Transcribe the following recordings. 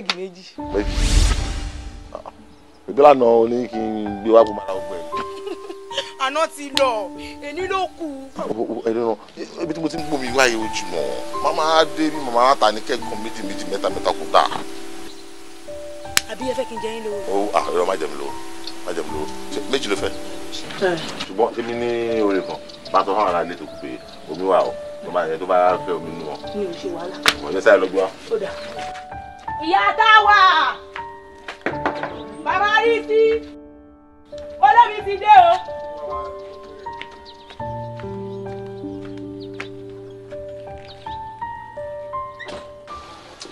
kẹ́ẹ̀gì méjì. Ah, ìgbéra náà o ní kí n gbé wá kó máa ra ọgbẹ́ mi. àná ti lọ èní ló kù. Ah, ẹ̀rọ ibi tí mo ti ń gbòmí wáyé ojú mọ́ màmá dé bí màmá ta ní kẹ́ẹ̀kan méjì méjì mẹ́ta mẹ́ta kó dà. àbí ẹ fẹ́ kí n jẹ yín lówó. ó oh, à ah, ẹ̀rọ má jẹun lówó má jẹun lówó méjì ló fẹ́. ṣùgbọ́n èmi ní oore kan bá a sọ fún àwọn ará ilé tó kù pé omi wà ó tó bá fẹ́ omi nù wọn. mi ò ṣe wàhálà. ọ̀yẹ́sà ẹ̀ lọ́gbọ́n. ó dà. ìyá bàbá rí sí olómi ti dé o.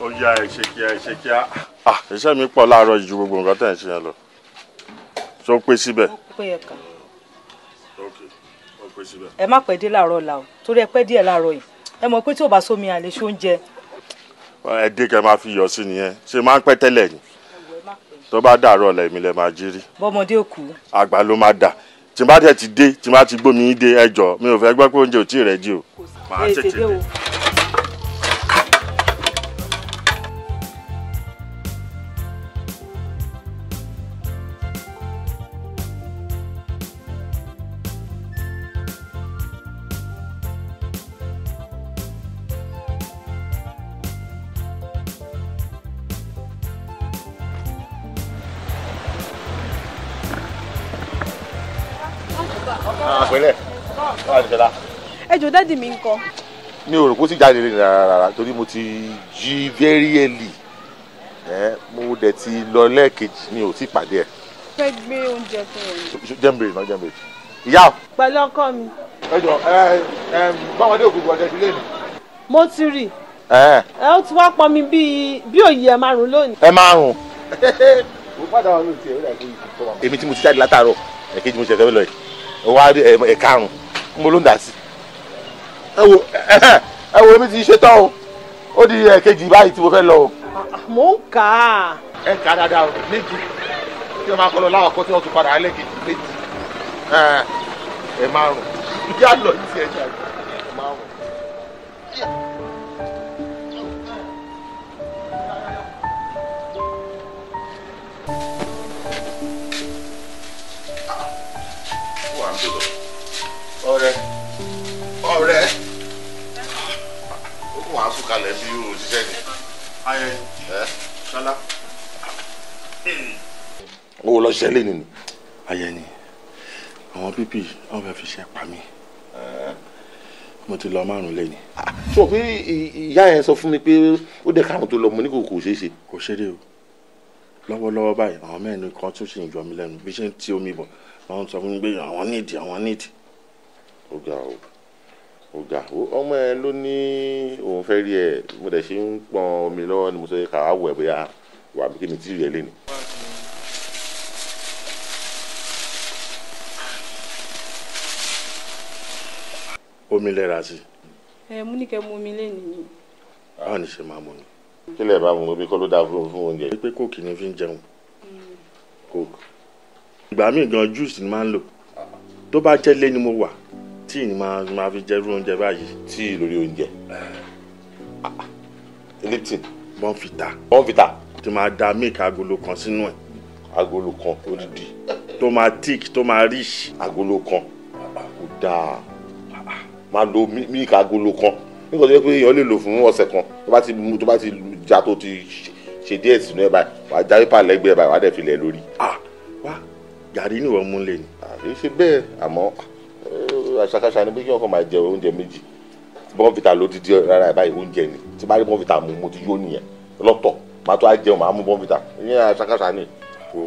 ó yá ẹ ṣe kíá ẹ ṣe ah, mi pọ̀ láàárọ̀ ju gbogbo nǹkan tẹ̀ ń ṣe yẹn lọ tó pé síbẹ̀. ẹ la o torí ẹ pẹ́ díẹ̀ láàárọ̀ yìí ẹ mọ̀ pé tí ò bá sómi àlè ṣóúnjẹ ẹdẹ kẹ máa fi yọ sí nìyẹn ṣe máa ń pẹ́ tẹ́lẹ̀ ni tó bá dàárọ̀ lẹmi lẹ máa jírí. bọmọdé ò kú. àgbà ló máa dà tí n bá tẹ̀ ti dé tí n bá ti gbómi dé ẹjọ́ mi ò fẹ́ gbọ́ pé oúnjẹ ò tí ì rẹ̀ jí o. máa tètè dé. dádì mi ńkọ́. mi ò rò pé ó ti jáde rìn rárá rárá torí mo ti jí very early ẹ mo dẹ̀ ti lọ lẹ́ẹ̀kejì mi ò tí pàdé ẹ̀. fẹ́ gbé oúnjẹ fún ọ. jẹ́mbèrè náà jẹ́mbèrè ìyá. pẹ̀lú ọkọ mi. ẹ jọ ẹ ẹ báwọn dé òkùnkùn ọ̀dẹ̀ ìdílé mi. mo ti rì. ẹ ó ti wá pọn mi bíi bí òye ẹ márùn lónìí. ẹ márùn. mo padà wọn ló ẹ ó dà ìfọwọ́. èmi tí mo ti jáde látàárọ̀ ẹ̀kejì mo ṣẹ̀ṣẹ̀ lọ yìí ẹ̀ karùn-ún mo ló ń dà sí ẹ wo ẹ wo èmi ti ṣe tán o ó di ẹ̀kejì báyìí tí mo fẹ́ lọ o. mò ń kà á. ẹ kà á dáadáa o méjì tí wọ́n máa kọ́ lọ láwọn kan tí wọ́n tún padà ẹlẹ́kejì méjì ẹ márùn yá lọ yìí sí ẹ jà ẹ márùn. ọ̀rẹ́. kalẹ̀ bí o ṣiṣẹ́ ni. ayẹ ṣọlá. owó lọ ṣiṣẹ́ lé nìyí. ayẹ àwọn pípì wọn fẹẹ fi ṣe pa mí mo ti lọ márùn lẹ́yìn. sọ pé ìyá yẹn sọ fún mi pé ó dẹ̀ káwọn tó lọ mo ní kò kò ṣeé ṣe. kò ṣe dé o lọ́wọ́lọ́wọ́ báyìí àwọn mẹ́rin kan tún ṣì ń jọ mí lẹ́nu bí ṣe ń ti omi bọ̀ wọ́n sọ fún mi pé àwọn nídìí àwọn nídìí. ó ga o ọ̀gá ọmọ ẹ ló ní òun fẹ́ rí ẹ mo dẹ̀ ṣe ń pọn omi lọ́wọ́ ni mo sọ yẹ ká wá wọ̀ ẹ́ bóyá wà bí kíni tí ì rẹ̀ lé ni. omi lẹ́ra sí. ẹ mú ní kẹ́ mú omi lẹ́nu ni. báwo ni ṣe máa mú mi. kí lè bá mu omi kọ́ ló dáa fún fún oúnjẹ. pé kóòkì ni fi ń jẹun mm. kóòkì. ìgbà míì gan juice ni máa ń lò tó bá jẹ́ lé ni mo wà. Mm tíì ni máa fi jẹ́rú oúnjẹ báyìí. tíì lórí oúnjẹ ah. Lipton. bọ́ǹfìtà. bọ́ǹfìtà. tí máa da milk agolo kan sínú ẹ̀. agolo kan odidi. tó máa thick tó máa rich. agolo kan kò dáa máa lo milk agolo kan nígbà tó yẹ pé èèyàn lè lò fún ọ̀sẹ̀ kan tó bá ti mu tó bá ti ja tó ti ṣe díẹ̀ sínú ẹ̀ báyìí wàá já pépà lẹ́gbẹ̀ẹ́ báyìí wàá dẹ̀ fi lẹ̀ lórí. Ah, wá gàrí ni wọ́n mú lé ni. àbí ṣe bẹ́ẹ̀ àmọ́ ṣàkàṣà ni pé kí wọn kàn máa jẹ oúnjẹ méjì tí bọ́ǹfìtà ló dídí rárá ẹ̀ báyìí oúnjẹ ni tí bá rí bọ́ǹfìtà mu mo ti yó nìyẹn lọ́tọ̀ màá tó á jẹun màá mú bọ́ǹfìtà ìyẹn ṣàkàṣà ni. o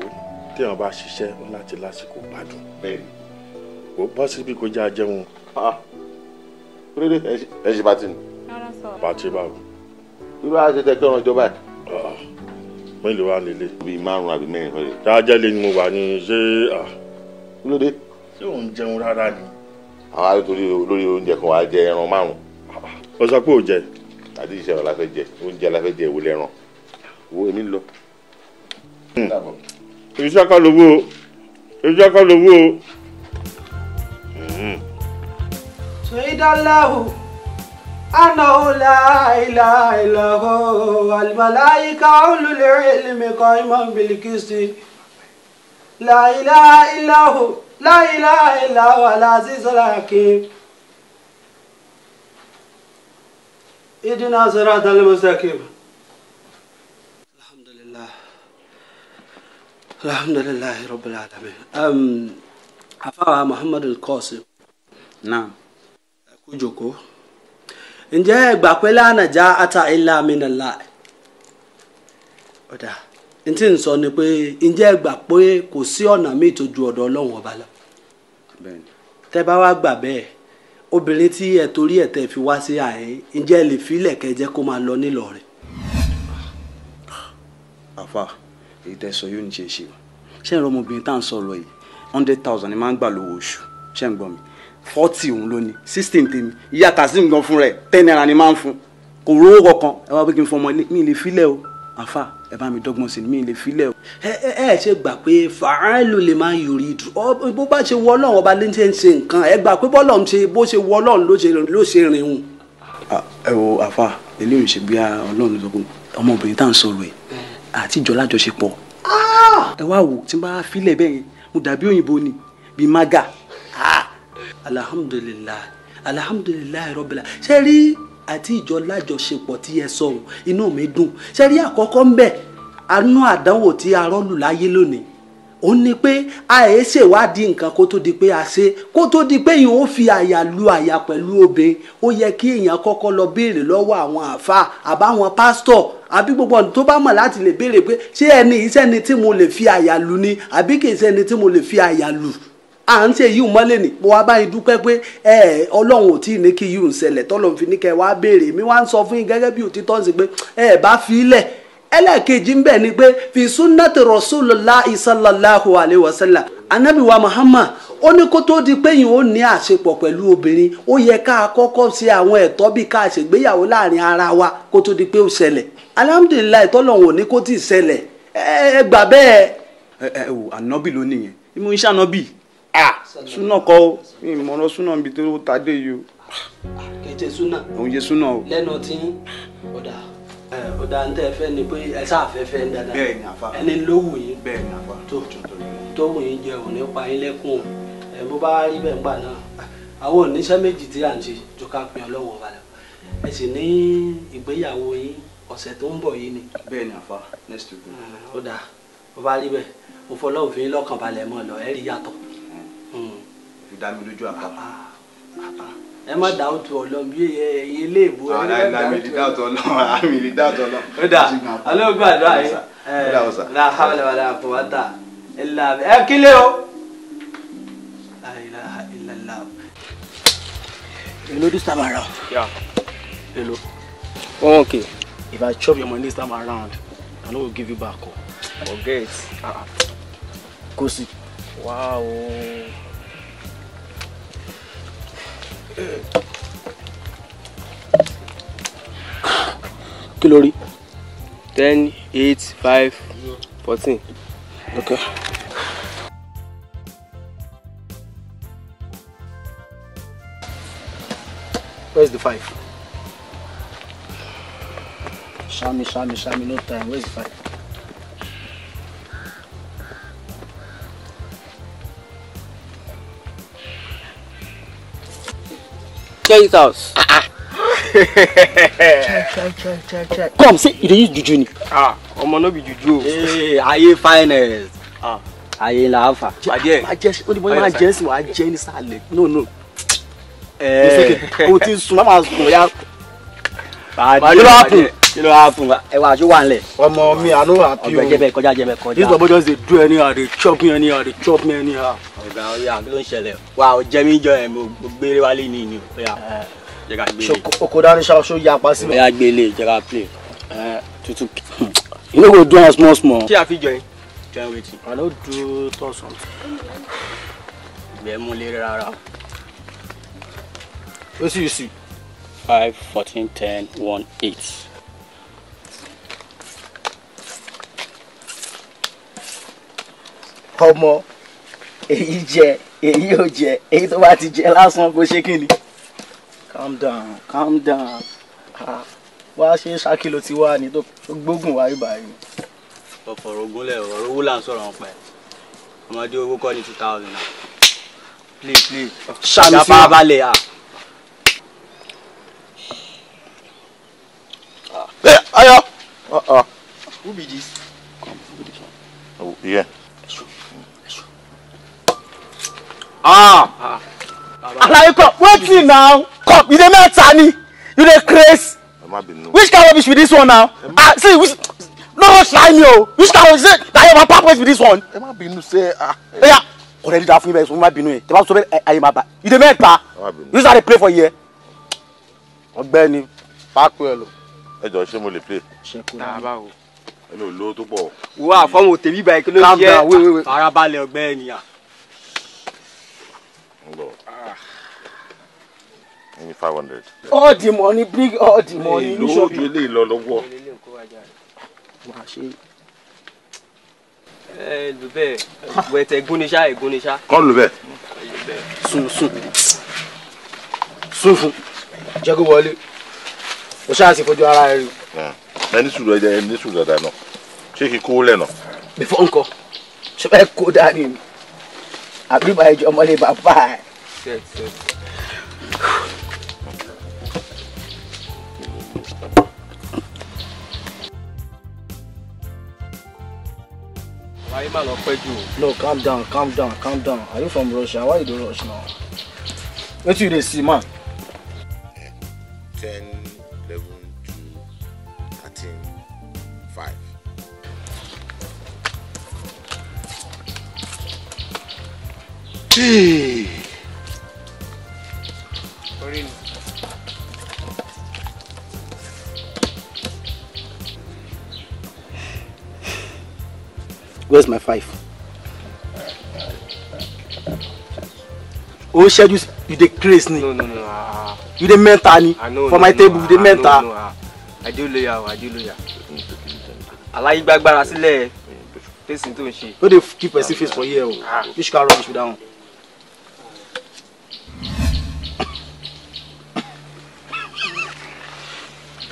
téèyàn bá ṣiṣẹ́ ó láti lásìkò gbádùn o bọ́ síbi kó já jẹun. Ah, kúrẹ́dẹ́ ẹ ṣe pati ni. pati báwo. irú àṣẹ tẹ kí ọ̀ràn ìjọba ẹ̀. mélòó wà nílé. bíi márùn-ún àbí mẹ́rin fẹ́rẹ̀. jájẹ́ lé ni mo wà ní ṣé. Ah? kúrẹ́dẹ́. ṣé òun jẹun rárá ni àwọn arítorí olórí oúnjẹ kan wàá jẹ ẹran márùn. ó sọ pé ò jẹ. àti ìṣẹ́ ọ̀la fẹ́ jẹ oúnjẹ la fẹ́ jẹ ìwòlẹ̀ ẹran owó èmi lọ. iṣẹ́ hmm. kan lówó iṣẹ́ kan lówó. Suidalahu hmm. anahu la ilaha illahu almalaika ulul ilmi qaiman bil qisti la ilaha illahu láìláì làwọn aláàzí sọlá kí ìdínà sọlá tàlẹ́mọ́sàkìm. alhamdulillah alhamdulillah rabbil alamin um, afawa muhammadu al-qasim. naam kú jòkó ǹjẹ́ ẹgbà pé lánàá já ata ilá mi nà láì ọ̀dà ntí n sọ ni pé ǹjẹ́ ẹgbà pé kò sí ọ̀nà míì tó ju ọ̀dọ̀ ọlọ́run ọba lọ tẹ́ bá wá gbà bẹ́ẹ̀ obìnrin tí ẹ torí ẹ̀ tẹ́ fi wá sí àyè ǹjẹ́ ẹ lè fi ilẹ̀kẹ́ jẹ́ kó máa lọ nílọ rẹ̀. àfa èyí tẹ́ sọ yóò ní ṣe ṣe o ṣé ìrọ̀ ọmọbìnrin tá à ń sọ̀rọ̀ yìí hundred thousand ni máa ń gbà lówó oṣù ṣé ń gbọ́ mi forty òun ló ní sixteen tèmi ìyá kazeem gan fún rẹ̀ ten naira ni máa ń fún kò rówó kankan ẹ wá pé kí n fọmọ mi lè filẹ̀ o àfa ẹ bá mi dọ́gbọ́n sí mi lè filẹ̀. ẹ ẹ ẹ ṣe gbà pé fàáìlù lè máa yòrì ìdù bó bá ṣe wọ ọlọ́run ọba ló ń ṣe ń ṣe nǹkan ẹ gbà pé bọ́lọ̀ ń ṣe bó ṣe wọ ọlọ́run ló ṣe rìn hùn. ẹ wo àfa eléyìí ṣe bí ọlọ́run sọ pé ọmọbìnrin tá à ń sọ̀rọ̀ ẹ̀ àtijọ́ lájọṣepọ̀. ẹ wá wò tí n bá filẹ̀ bẹ́ẹ̀ yẹn mo dàbí òyìnbó ni bíi maga. alhamdulilayi alhamdulilayi rọ́bìlà ṣe rí àti ìjọ lájọṣepọ̀ tí ẹ sọ ohun inú mi dùn ṣe rí àkọ́kọ́ ń bẹ̀ anú àdánwò tí arán lù láyé lónìí ó ní pé a ẹ̀ ṣèwádìí nǹkan kó tó di pé a ṣe kó tó di pé yìí ó fi àyà lu àyà pẹ̀lú obìnrin ó yẹ kí èèyàn kọ́kọ́ lọ béèrè lọ́wọ́ àwọn àáfàá àbáwọn pásítọ̀ àbí gbogbo ọ̀nà tó bá mọ̀ láti lè béèrè pé ṣé ẹni iṣẹ́ tí mo lè fi àyà lu ni àbí kì í ṣe tí mo lè fi àyà lu. à ń ṣe yìí mọ́ lè wá báyìí dúpẹ́ pé ẹ ọlọ́run ò tí ì ṣẹlẹ̀ fi ní mi wá ń sọ fún yín gẹ́gẹ́ bí òtítọ́ sí pé ẹ bá fi í lẹ̀ ẹlẹ́ẹ̀kejì ń bẹ̀ ni pé fi sunnati rasulullah sallallahu alayhi wa sallam wa muhammad ó ní kó tó ara wa kó tó di alhamdulilayi ní kó tí ẹ gbà bẹ́ẹ̀. ẹ ẹ ló nìyẹn imú ah súnà kọ́ ó mi ìmọ̀ràn súnà níbi tó ta dé yìí o. kẹ̀tẹ̀ súnà. òun yẹ súnà o. lẹ́nu tí ọ̀dà ọ̀dà ń tẹ́ fẹ́ ni pé ẹ sáfẹ́fẹ́ ń dáadáa. bẹ́ẹ̀ ni àfa ẹni ló wù yín. bẹ́ẹ̀ ni àfa tó tó wù yín jẹun nípa yín lẹ́kùn ẹ bó bá rí bẹ́ẹ̀ gbà náà àwọn oníṣẹ́ méjì tí à ń ṣe tó ká pin ọlọ́wọ́ balẹ̀ ẹ sì ní ìgbéyàwó yín ọ̀sẹ̀ tó ń bọ̀ yìí ni. bẹ́ẹ̀ ni àfa next week. ó dáa bó bá rí bẹ́ẹ̀ mo fọlọ́ọ̀fin lọ́kànbalẹ̀ mọ́ ọ lọ ẹ rí yàtọ̀ dá mi lójú àpapọ̀. ẹ má dá òtún ọlọ́run bí ẹyin ilé ìbò ẹ má dá òtún ọlọ́run. àmì ìlí dá òtún ọlọ́run. ó dà alóògbé àdúrà yìí la hawla wala quwwata illa billah ẹ kílẹ̀ o. Hello this time around. Yeah. Hello. Oh, okay. If I chop your money this time around, I no go give you back. Oh. Forget. Kosi. -uh. Wow kí ló rí. ten eight five fourteen. okay. where's the five. Shami, Shami, Shami, no time. Where's the five? share his house. Ah, ah. come say you don't use juju Ah, I'm not be juju Hey, o. Eh, ayé finest. Ah. ayé la afa. onímọ̀ máa jẹ́ sí wa jẹ́ ní sàlẹ̀ no no. Eh. o ti sun máa sun ya. bàdé bàdé kí ló wá fún wa ẹ wá àjọ wà ń lẹ. ọmọ mi àánú àti o ọgbẹ jẹbẹ kọjá jẹbẹ kọjá. this baba just dey do any how dey chop me any how dey chop me any how. ọ̀gá ọ̀yà kí ló ń ṣẹlẹ̀ wa ò jẹ́ mi jọ ẹ̀ mo gbére wálé ní ìní ọ̀yà jẹ́ ká gbélé. oko dání ṣaṣọ yà pa sílẹ̀. ọ̀yà gbélé jẹ́ ká play eh, tutu you no go do am small small. ṣé a fi join join wetin. i no do thousand. ìgbẹ́ mú lé rárá. ó sì yìí sí. five fourteen ten one eight. ọmọ èyí jẹ èyí ò jẹ èyí tó bá ti jẹ lásán kó ṣe kí ni. calm down calm down wá ṣe ṣàkìlò tí wàá ní tó gbógun wáyé báyìí. ọ̀fọ̀rọ̀ ogunlẹ̀ ọ̀rọ̀ owó là ń sọ̀rọ̀ ọ̀pẹ ọmọdé owó kọ́ ní two thousand naira please please ṣàmì sí wa balẹ̀ uh uh-uh. ẹ who be this. Come, who be this one? Oh, yeah. Ah. alaye cup wetin now cup you dey make tani you dey craze which kind rubbish be this one now ah see which no rush lie me o which kind rubbish say na your papa voice be this one. ẹ má bínú sẹ ah. Eh. oya kọrẹ dídá fún ibẹ sọ ma bínú yẹn tẹ bá sọ bẹ ayé ma ba you dey make pa you use how play for here. ọ̀gbẹ́ni pákó ẹ lọ. ẹ jọ ṣé mo lè play. ṣe kó náà bá wo. ẹ lè lo tó pọ̀. wo àfọwọ́ tèmi báyìí kí ló ń jẹ́ farabalẹ̀ ọ̀gbẹ́ni à. No. Ah. Any 500. All the money, big all the money. Ní ṣọ́ọ̀bù ilé ìlọ́lọ́wọ́. Màá ṣe. Ẹ lù bẹ́ẹ̀, wẹ̀tẹ̀ gúnniṣá ẹ̀ àbí bá ẹjọ́ ọmọlé bàbá ẹ̀. Why man not pay you? No, calm down, calm down, calm down. Are you from Russia? Why you do rush now? What you dey see, man? Ten Where's my five? Oh, shall you you the crazy. No, no, no. Uh, you the mental ni? Uh, no, For no, my no, table, you the ah, mental. No, no, uh, I do lawyer, oh, I dey lawyer. Aláyé gbàgbára sílẹ̀, fèsì tó ń ṣe. No dey keep a face for here you oh. should car rubbish be that one?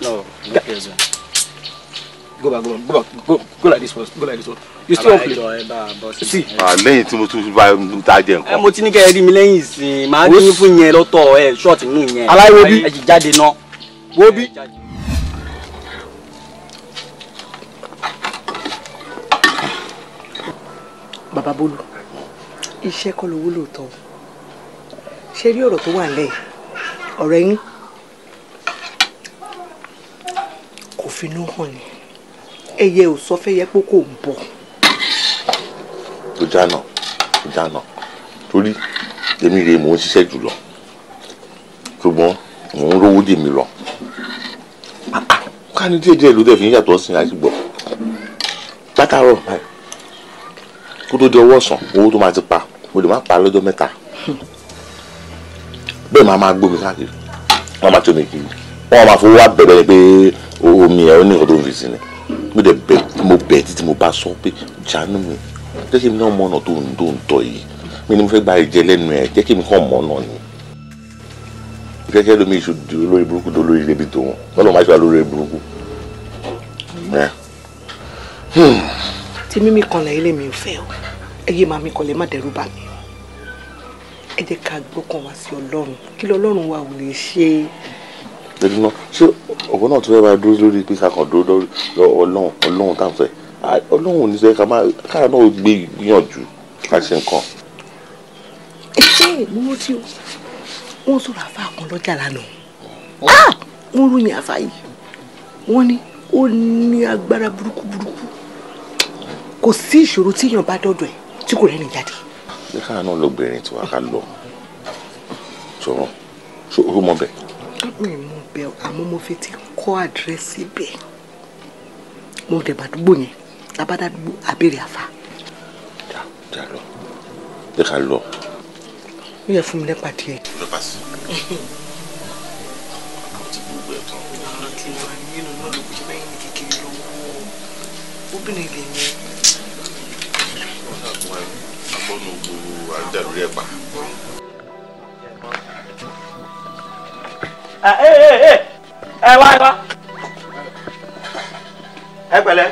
No, no prison. Eh. Go back, go on, go back, go, go like this first, go like this one. You still play. See. Ah, lẹ́yìn tí mo tún to ń ta jẹ nǹkan. Ẹ eh, mo ti ní kẹ́ ẹ rí to lẹ́yìn ìsìn, màá dín fún yẹn lọ́tọ̀ ẹ ṣọ́ọ̀tì nù yẹn. Aláwo bí. Ẹ ti jáde náà. Wo bí. Bàbá Bólú, to kọ́ lówó lóòótọ́. Ṣé rí ọ̀rọ̀ tó wà lẹ́yìn? Ọ̀rẹ́ yín finú hàn ni ẹyẹ ò sọ fẹ́ yẹ pé kò ń bọ̀. tó dáná tó dáná torí èmi rèé mò ń ṣiṣẹ́ jùlọ ṣùgbọ́n mò ń rówó dè mí lọ ká ní díẹ̀ díẹ̀ ló dẹ̀ fi ń yàtọ̀ sí àṣìgbọ̀ látàárọ̀ báyìí kó tó di ọwọ́ ọ̀sán owó tó máa ti pa mo lè má pa lọ́jọ́ mẹ́ta bẹ́ẹ̀ máa máa gbómi káàkiri máa máa tó mi kiri wọ́n máa fowó wá bẹ̀rẹ̀ pé omi ẹ̀ ó ní nǹkan tó ń fi sí ni mo dẹ̀ bẹ̀ mo bẹ̀ títí mo bá sọ pé jánu mi jẹ́ kí mi náà mọ ọ̀nà tó ń tó ń tọ̀ yìí mi ni mo fẹ́ gba ìjẹ lẹ́nu ẹ̀ jẹ́ kí mi kàn mọ́ ọ̀nà ni kẹ́kẹ́ lómi ìṣó lórí burúkú tó lórí ibi tó wọn wọ́n lọ́ máa ṣe wá lórí burúkú. tí mímí kanlẹ̀ ilé mi ò fẹ́ o ẹyẹ máa mi kanlẹ̀ má dẹ́rù bà mí ẹ jẹ́ ká gbọ́kàn wá sí ọlọ́run kí lọ́lọ́run lẹ́nu náà ṣé ọ̀gbọ́n náà tún fẹ́ máa dúró lórí pé kakàn dúró lórí ọlọ́run ọlọ́run tá à ń sọ ẹ̀ ọlọ́run ò ní sọ ẹ̀ kára náà ó gbé gbìyànjú ká ṣe nǹkan. ṣé mo rántí o wọ́n sọ̀rọ̀ àfa kan lọ́jà lánàá wọ́n ah! ròyìn àfa yìí wọ́n ní ó ní agbára burúkú burúkú kò sí ìṣòro tíyàn bá dọ́dọ̀ ẹ̀ tí kò rẹ́ni jáde. ṣé káà náà lóbìnrin tí wàá ká lọ sọ̀rọ̀ ṣó o mọ̀ bẹ́ẹ̀ ibẹ̀ àmọ́ mo fi ti kọ́ àdírẹ́sì ibẹ̀ mo dẹ̀ bàdúgbò yẹn labádàdúgbò abèrè àfa. jà jà lọ jẹ ká lọ. ó yẹ fún mi lẹ́pà díẹ̀. obìnrin lè ní. ọ̀nà àgbọ̀nù gbòòrò àdàrú rẹ̀ pa. ẹ eh, eh, eh, wá wá. ẹ pẹ̀lẹ́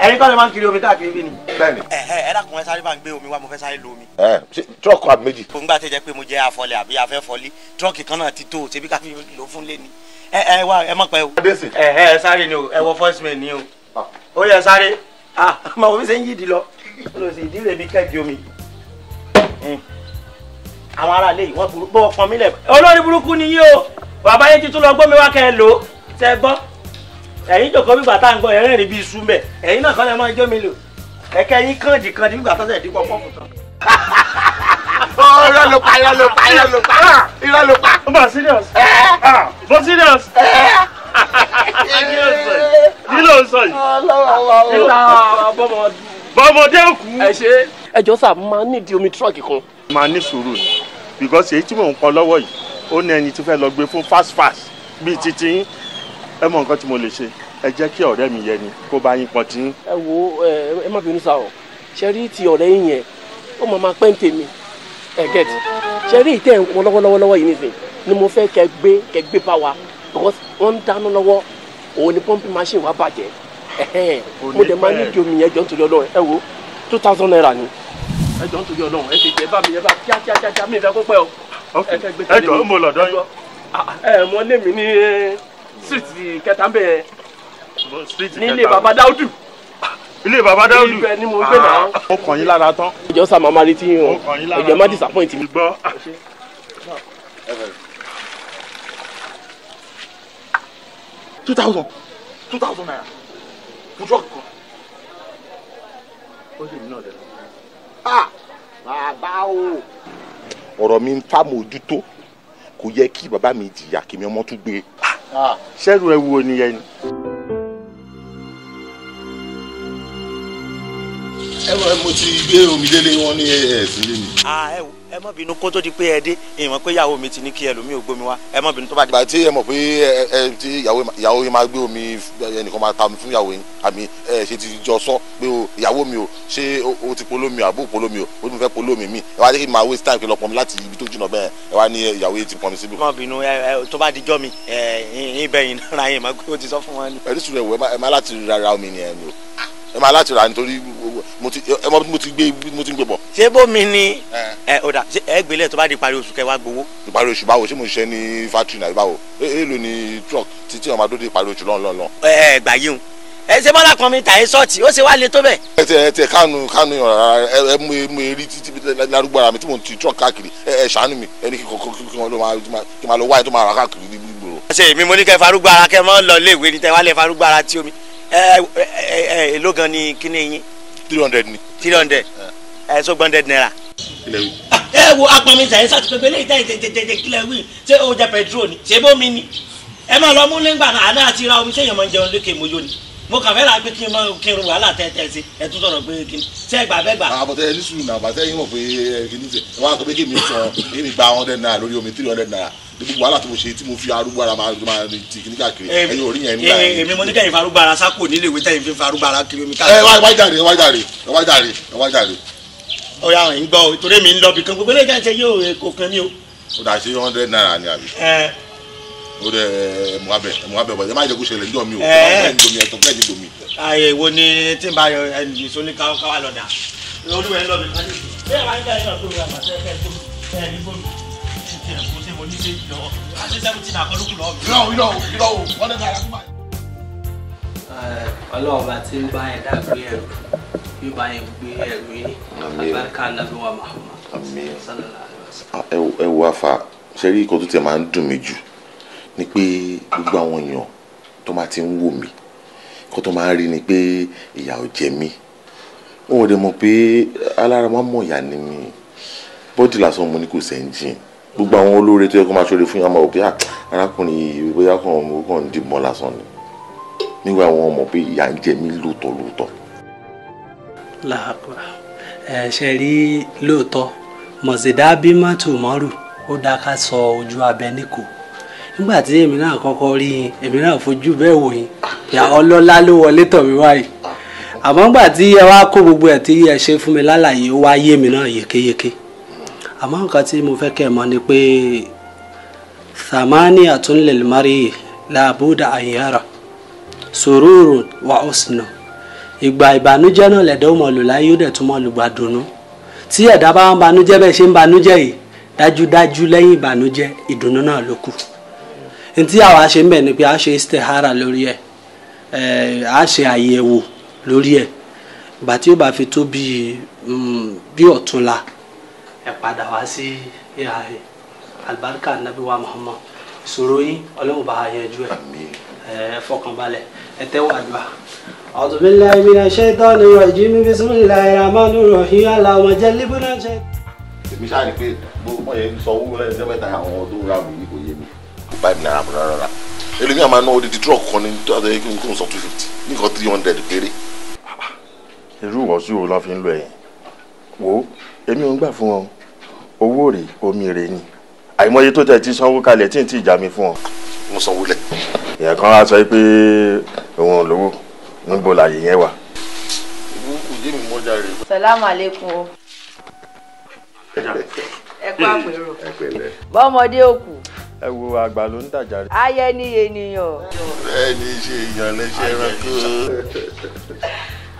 ẹ̀yin kọ́ ló máa ń kiri omi káàkiri bí ni. bẹ́ẹ̀ni. ẹ ẹ dákun ẹ sáré bá ń gbé omi wá mo fẹ́ sáré lo omi. ẹ tírọ̀kì àbí méjì. fún gbà tó jẹ́ pé mo jẹ́ afọlẹ̀ àbí afẹ́fọlí tírọ̀kì kan náà ti tó ṣebí ká fi lò fún lé ni. ẹ ẹ wá ẹ mọ̀ pé o. ẹ ẹ sáré ni o ẹ wọ first man ni o. Ah. ó yẹ sáré ah ọmọ omi ṣe ń yídi lọ olùsè ìdílé mi kẹ́ẹ̀dì omi àwọn aráalé yìí wọ́n burú bọ́ ọkàn mi lẹ̀ olórí burúkú ni yìí o bàbá yẹn ti tún lọ gbómi wá kẹ́ ẹ lò ó tẹ gbọ́ ẹ̀yin jòkó bí gbàtà ń gbọ́ ẹ̀rẹ́ rìn bíi súnbẹ̀ ẹ̀yin náà kọ́ lẹ́ máa jó mi lò ẹ̀kẹ́ yín kànjì kànjì bí gbàtà sẹ̀ dín pọ́pọ́ fún tán. irọ́ ló pa irọ́ ló pa serious ah! mo serious eh? ah! eh? kí ló ń sọ yìí eh? kí ló ń sọ yìí. Ah, bọ́mọdé kú. ẹ ṣe ẹjọ́ sà máa nídìí omi tírọ̀kì kan. máa ní sùúrù ni because èyí tí mò ń kọ lọ́wọ́ yìí ó ní ẹni tó fẹ́ lọ gbé fún fast fast bíi titi yín ẹ mọ nǹkan tí mo lè ṣe ẹ jẹ́ kí ọ̀rẹ́ mi yẹ ni kó bá yín pọ̀ tí yín. ẹ wo ẹ má bínú sa ọ ṣe rí ti ọ̀rẹ́ yín yẹn ó mọ̀ máa pẹ́ ń tèmi ẹ gẹ́tì ṣe rí ìtẹ̀ wọn lọ́wọ́lọ́wọ́ yìí nìsín ni mo fẹ́ kẹ gbé kẹ gbé bá wa because wọ́n ń dáná lọ́wọ́ òun ni pọ́ǹpì machine wa bàjẹ́ mo dẹ̀ máa ní di omi yẹn jọ nítorí ọlọ́run ẹ wo two thousand naira ni ẹ jọ ń torí Ọlọ́run ẹ tètè bá mi yẹ bá kíá kíá kíá kíá mi ìfẹ́ kó pẹ́ o. ẹ jọ ń mo lọ́dọ̀ yín. ẹ mọ lé mi ní eh, síìtì kẹta ń bẹ ní ilé baba dáúdù. ilé baba dáúdù ibẹ̀ ni mo gbé náà. Ah, ó kàn yín lára tán. ìjọ sá màmá retí yín o ìjọ má disappoint mi. gbọ́ two thousand two thousand naira fún truck kan. ó sì ní ọ̀dẹ̀ bàbá o ọ̀rọ̀ mi ń tá mojútó kò yẹ kí bàbá mi jìyà kí mi ọmọ tún gbé. sẹ́rù e. ẹ wo nìyẹn ni. ẹ wọ mo ti gbé omi délé wọn ní ẹ̀sìn lé mi. Ah, ẹ má bínú kó tó di pé ẹ dé ìwọ̀n pé ìyàwó mi ti ní kí ẹlòmíì ò gbómi wá ẹ má bínú tó bá dé. ìgbà tí ẹ mọ̀ pé ẹ ẹ ti ìyàwó yín máa gbé omi ẹnìkan máa ta omi fún ìyàwó yín àmì ẹ ṣe ti jọ sọ pé o ìyàwó mi o ṣé o ti polómi àbó polómi o o ti fẹ́ polómi mi ẹ wá dé kí n máa waste time kí n lọ pọnmi láti ibi tó jìnnà bẹ́ẹ̀ ẹ wá ní ìyàwó yín ti pọnmi síbi. má bínú tó bá di jọ́ mi ẹ ìbẹ̀yìn ẹ máa láti rà nítorí mo ti gbé mo ti gbé bọ̀. ṣé bómi ni ẹ ọ̀dà ẹ gbélé tó bá di parí oṣù kẹwàá gbowó. ìparí oṣù báwo ṣé mo ṣiṣẹ́ ní factory náà báwo èèlò ni truck títí ọmọ adóde ìparí oṣù lọ́n lọ́n lọ́n. ẹ ẹ gbà yíhun ẹ ṣe bọ́lá kan mi tà ẹ sọ́ọ̀tì ó ṣe wá le tó bẹ̀. ẹ tẹ ẹ tẹ kánú kánú yàn rárá ẹ mú mú eré títí lárúgbó ara mi tí mo ti truck káàkiri ẹ ẹ ṣàánú mi ẹ ní kí kò kí n lọ wáyé tó máa rà káàkiri ní gbòòrò. ṣe èmi mo ní kẹ farúgbó ara kẹ mọ lọ iléèwé ni tẹ wá lẹ farúgbó ara tí omi ẹ ẹ ẹ èló gan ni kíní yín. three hundred ni. three hundred ẹ sọ gbọ́ndẹ̀ náírà. kílẹ̀ wí. ẹ wo apami sàyẹn sàtúpẹ̀pẹ̀ lẹ́yìn tẹ̀yìn tẹ̀tẹ̀tẹ̀ kílẹ̀ wí ṣé o jẹ pẹ̀tró ni ṣé bó mi ni ẹ máa lọ mú lẹ́ngbà náà àná àti ra omi sẹ́yìn ọmọ jẹun lókè mọ́yó ni mo kàn fẹ́ ra pé kí n máa kírun wàhálà tẹ́tẹ́ sí ẹ tún sọ̀rọ̀ pé kí n ṣe é gbà bẹ́ẹ̀ gbà. àbọ̀tẹ́ ẹni sùn náà àbàtẹ́ yín mọ̀ pé kí ni ṣe wọ́n á kọ́ pé kí mi sọ kí mi gba one hundred naira lórí omi three hundred naira gbogbo wàhálà tí mo ṣe tí mo fi arúgbó ara máa máa ti kí ní káàkiri ẹyin ò rí yẹn nígbà yẹn. èmi mo ní kẹ́yìn farúgbó ara sáko nílé ìwé tẹ́yìn fi farúgbó ara kiri omi káàkiri. ẹ wá jàre ẹ wá jàre ẹ wá jàre ẹ wá jàre. ọ̀ya ń gbọ́ torí mi ń lọ bìkan gbogbo eléyìí ṣe yóò kó kan ní o. o dà sí hundred naira ni àbí. o dẹ ẹmu abẹ ẹmu abẹ bọ ẹ má jẹ kó ṣẹlẹ̀ njọ mi o ẹ olúwẹ̀ ń lọ bí kájú bẹ́ẹ̀ máa ń dá iná tó ń ra àgbàdo ẹ̀ ní ní ṣe jọ àti seventeen àkọlùkù lọ. irọ́ o irọ́ o buy o we lè dára fún wa. Eh, ọlọ́run bá ti ń bá yẹn dágbé ẹ̀rù yóò bá yẹn gbé ẹ̀rù yìí àbáríkà alábíwá mahama sálọ̀lá ẹ wo afa ṣe rí ikọ̀ tó tiẹ̀ máa ń dùn mí jù ni pé gbogbo àwọn èèyàn tó máa ti ń wò mí kó tó máa ń rí ni pé ìyà ò jẹ mí wọn ò dẹ̀ mọ̀ pé alára máa mọ̀ ìyà gbogbo àwọn olóore tó yẹ kó máa ṣoore fún yàrá máa wò pé ah, arákùnrin yìí bóyá kàn ó kàn ń dìbọn lásán ni nígbà wọn mọ̀ pé ìyà ń jẹ mí lóòótọ́ lóòótọ́. làákùrà ẹ ṣe rí lóòótọ́ mọ̀sídá bímọ tòmọ́rù ó dáa ká sọ ojú abẹ níkò nígbà tí èmi náà kọ́kọ́ rí yín èmi náà fojú bẹ́ẹ̀ wò yín ìyá ọlọ́lá ló wọlé tọ̀ mí wáyé àmọ́ nígbà tí ẹ wá kó gbogbo ẹ̀ tí ẹ ṣe fún mi lálàyé ó wá yé mi náà yékéyéké àmọ́ nǹkan tí mo fẹ́ kẹ́ ẹ mọ̀ ni pé thamani àtúnlẹ̀lmárì làbúdà àyàrá sòrúurù wà ọ̀sìnà ìgbà ìbànújẹ́ náà lẹ̀dọ́ mọ̀lù láyé ó dẹ̀ tún mọ̀lù gbàdùnú tí ẹ̀dá bá ń banújẹ́ bẹ́ẹ̀ ṣe ń banújẹ́ yìí dájúdájú lẹ́yìn ìbànújẹ́ ìdùnnú náà ló kù ní tí àwa ṣe ń bẹ̀ ni pé a ṣe istihara lórí ẹ̀ eh, a ṣe àyẹ̀wò lórí ẹ̀ ìgbà ó bá fi tó bíi mm, bí ọ̀túnla ẹ padà wá sí ìhà yìí alibarika nabi wa muhammad ìṣòro yín ọlọ́run bá yanjú ẹ ẹ fọkànbalẹ̀ ẹ tẹ́wọ́ àdúrà. أعوذ بالله من الشيطان الرجيم بسم الله الرحمن الرحيم اللهم جلبنا الشيطان. èmi ṣáà ní pé bó yẹ sọ owó lẹ́yìn mẹ́ta àwọn ọdún ra mi kò yé mi báyìí mi náírà rárá ẹlòmíà máa ná odidi truck kan ní tó àtẹ̀yẹ kí n sọ two fifty nìkan three hundred péré. irú ìwọ̀sùn wo la fi ń lo ẹ̀yìn wo èmi ò ń gbà fún wọn owó rèé omi rèé ni àìmọye tó tẹ̀ ti sanwó kalẹ̀ tí n ti jà mí fún ọ. mo sanwó lẹ. èèyàn kan á sọ pé òun ò lówó níbo làyè yẹn wà. ìwú kù dí mi mọ́jà rè. sàlámù aleykum o. ẹ kú àpérò. ẹ pẹ̀lẹ́. bọ́mọdé òkú. ẹ wo àgbà ló ń dàjà rẹ. ayé ni ènìyàn. bẹ́ẹ̀ ni ṣe èèyàn lẹ́sẹ̀ ẹranko.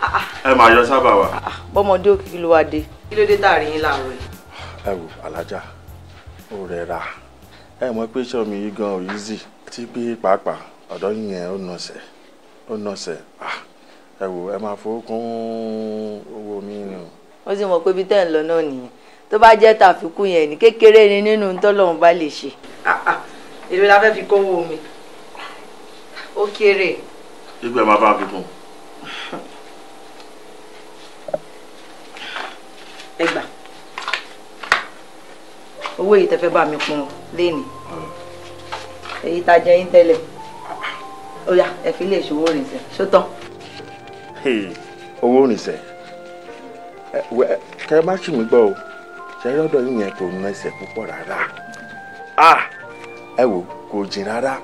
Ah, ah. ẹ máa yọ sábà wa. Ah, bọ́mọdé òkú kí ló wá dé. kí ló dé tá yín láàárọ̀ yìí ẹ wò alájà ó rẹra ẹ mọ̀ pé iṣẹ́ mi yìí gan ò easy tí pé pàápàá ọ̀dọ́ yẹn ó nọ̀sẹ̀ ó nọ̀sẹ̀ ẹ wò ẹ máa fowó kún owó mi ni o. ó sì mọ̀ pé bí tẹ́ ń lọ náà nìyẹn tó bá jẹ́ tàfikún yẹn ní kékeré ni nínú tọ́lọ́run bá lè ṣe. èlò la fẹ́ fi kówó mi ó kéré. gbígbẹ́ máa bá a fi kún. ẹ gbà owó yìí tẹ́fẹ́ bá mi pọn léèní èyí tá a jẹ yín tẹ́lẹ̀ ó yá ẹ fi lè ṣòwò rìnsẹ̀ ṣó tán. owó rìnsẹ̀ kẹ má ṣì mí gbọ́ o ṣe lọ́dọ̀ yín yẹn kò ná ẹsẹ̀ púpọ̀ rárá ẹ wò kò jìn rárá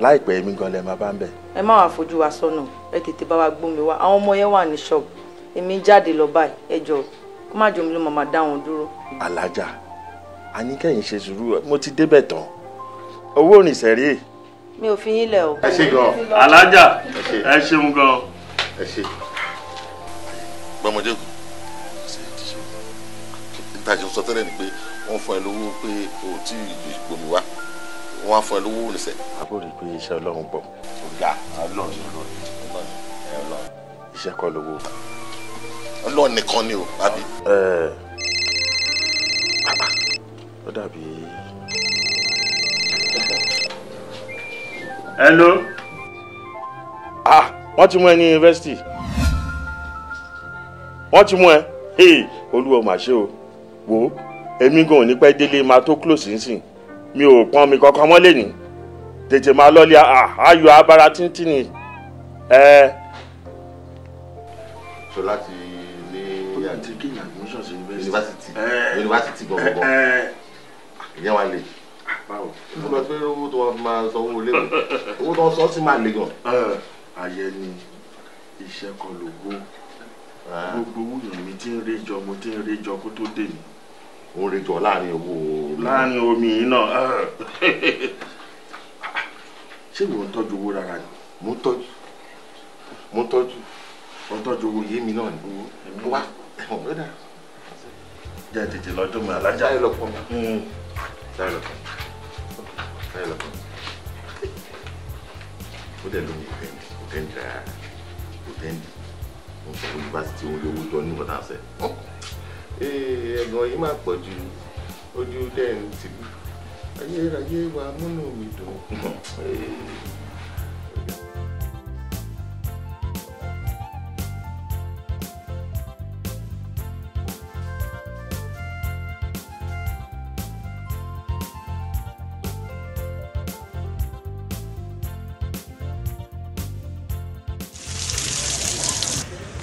láìpẹ́ mi gan lẹ máa bá ń bẹ̀. ẹ má wàá fojú wa sọnù ẹ tètè bá wa gbọ́n mi wá àwọn ọmọ yẹn wà ní ṣọ́ọ̀bù èmi jáde lọ báyìí ẹ jọ kó má jòun ló máa dá wọn dúró. alájà àníkẹ́yìn ṣe sùúrù mo ti débẹ̀ tán owó òrìṣẹ́ rí. mi ò fi yín lẹ̀ o. ẹ ṣe gan alájà ẹ ṣeun gan. ẹ ṣe gbọmọdé ìtajà sọ tẹ́lẹ̀ ni pé wọ́n fún ẹ lówó pé o tí ì gbomi wá wọ́n á fún ẹ lówó òrìṣẹ́. àbúrò pé iṣẹ́ ọlọ́run pọ̀. ọ̀gá ọlọ́run ọlọ́run ọlọ́run iṣẹ́ kọ́ lówó. ọlọ́run nìkan ni o àbí. ẹẹ ó dàbí. hello. ah wọ́n ti mú ẹ ní yunifásitì wọ́n ti mú ẹ olúwo mà ṣe o wò ó èmi gan ò ní pẹ́ délé máa tó close nísìn mi ò pọ́n mi kankan mọ́ lẹ́ni tètè máa lọ́ọ́lì ah, ayọ̀ abara títí ni. so láti ní àti kí ni admission sí yunifásitì yunifásitì gbọ̀ngbọ̀n ìyẹn wà lè ah, báwo mo lọ owó tó máa sọ owó léwu owó tó sọ sí máa le gan. ayé ni iṣẹ́ kan lògo ah. gbogbo owó yẹn mi ti ń réjọ mo ti ń réjọ kó tó dé mi. ó ń réjọ láàrin owó omi. láàrin omi yìí náà ah. ṣé ìwọ ń tọ́jú owó rárá ni. mo ń tọ́jú mo ń tọ́jú mo ń tọ́jú owó yé mi náà ni. wá ẹ̀wọ̀n ló dà. jẹ́ tètè lọ́jọ́ mi alájà. báyìí lọ pọ̀ mọ́. Hmm dáyọ̀ lọ́kàn dáyọ̀ lọ́kàn ó dẹ̀ lóhun kò tẹ́ndì kò tẹ́ndì rárá kò tẹ́ndì mo sọ fún yunifásitì òun lówó jọ ní bọ̀dá sẹ́ ẹ̀gàn yìí máa pọ̀ ju ojú dẹ́n tìlú ayé ayé wa múnú mi dùn.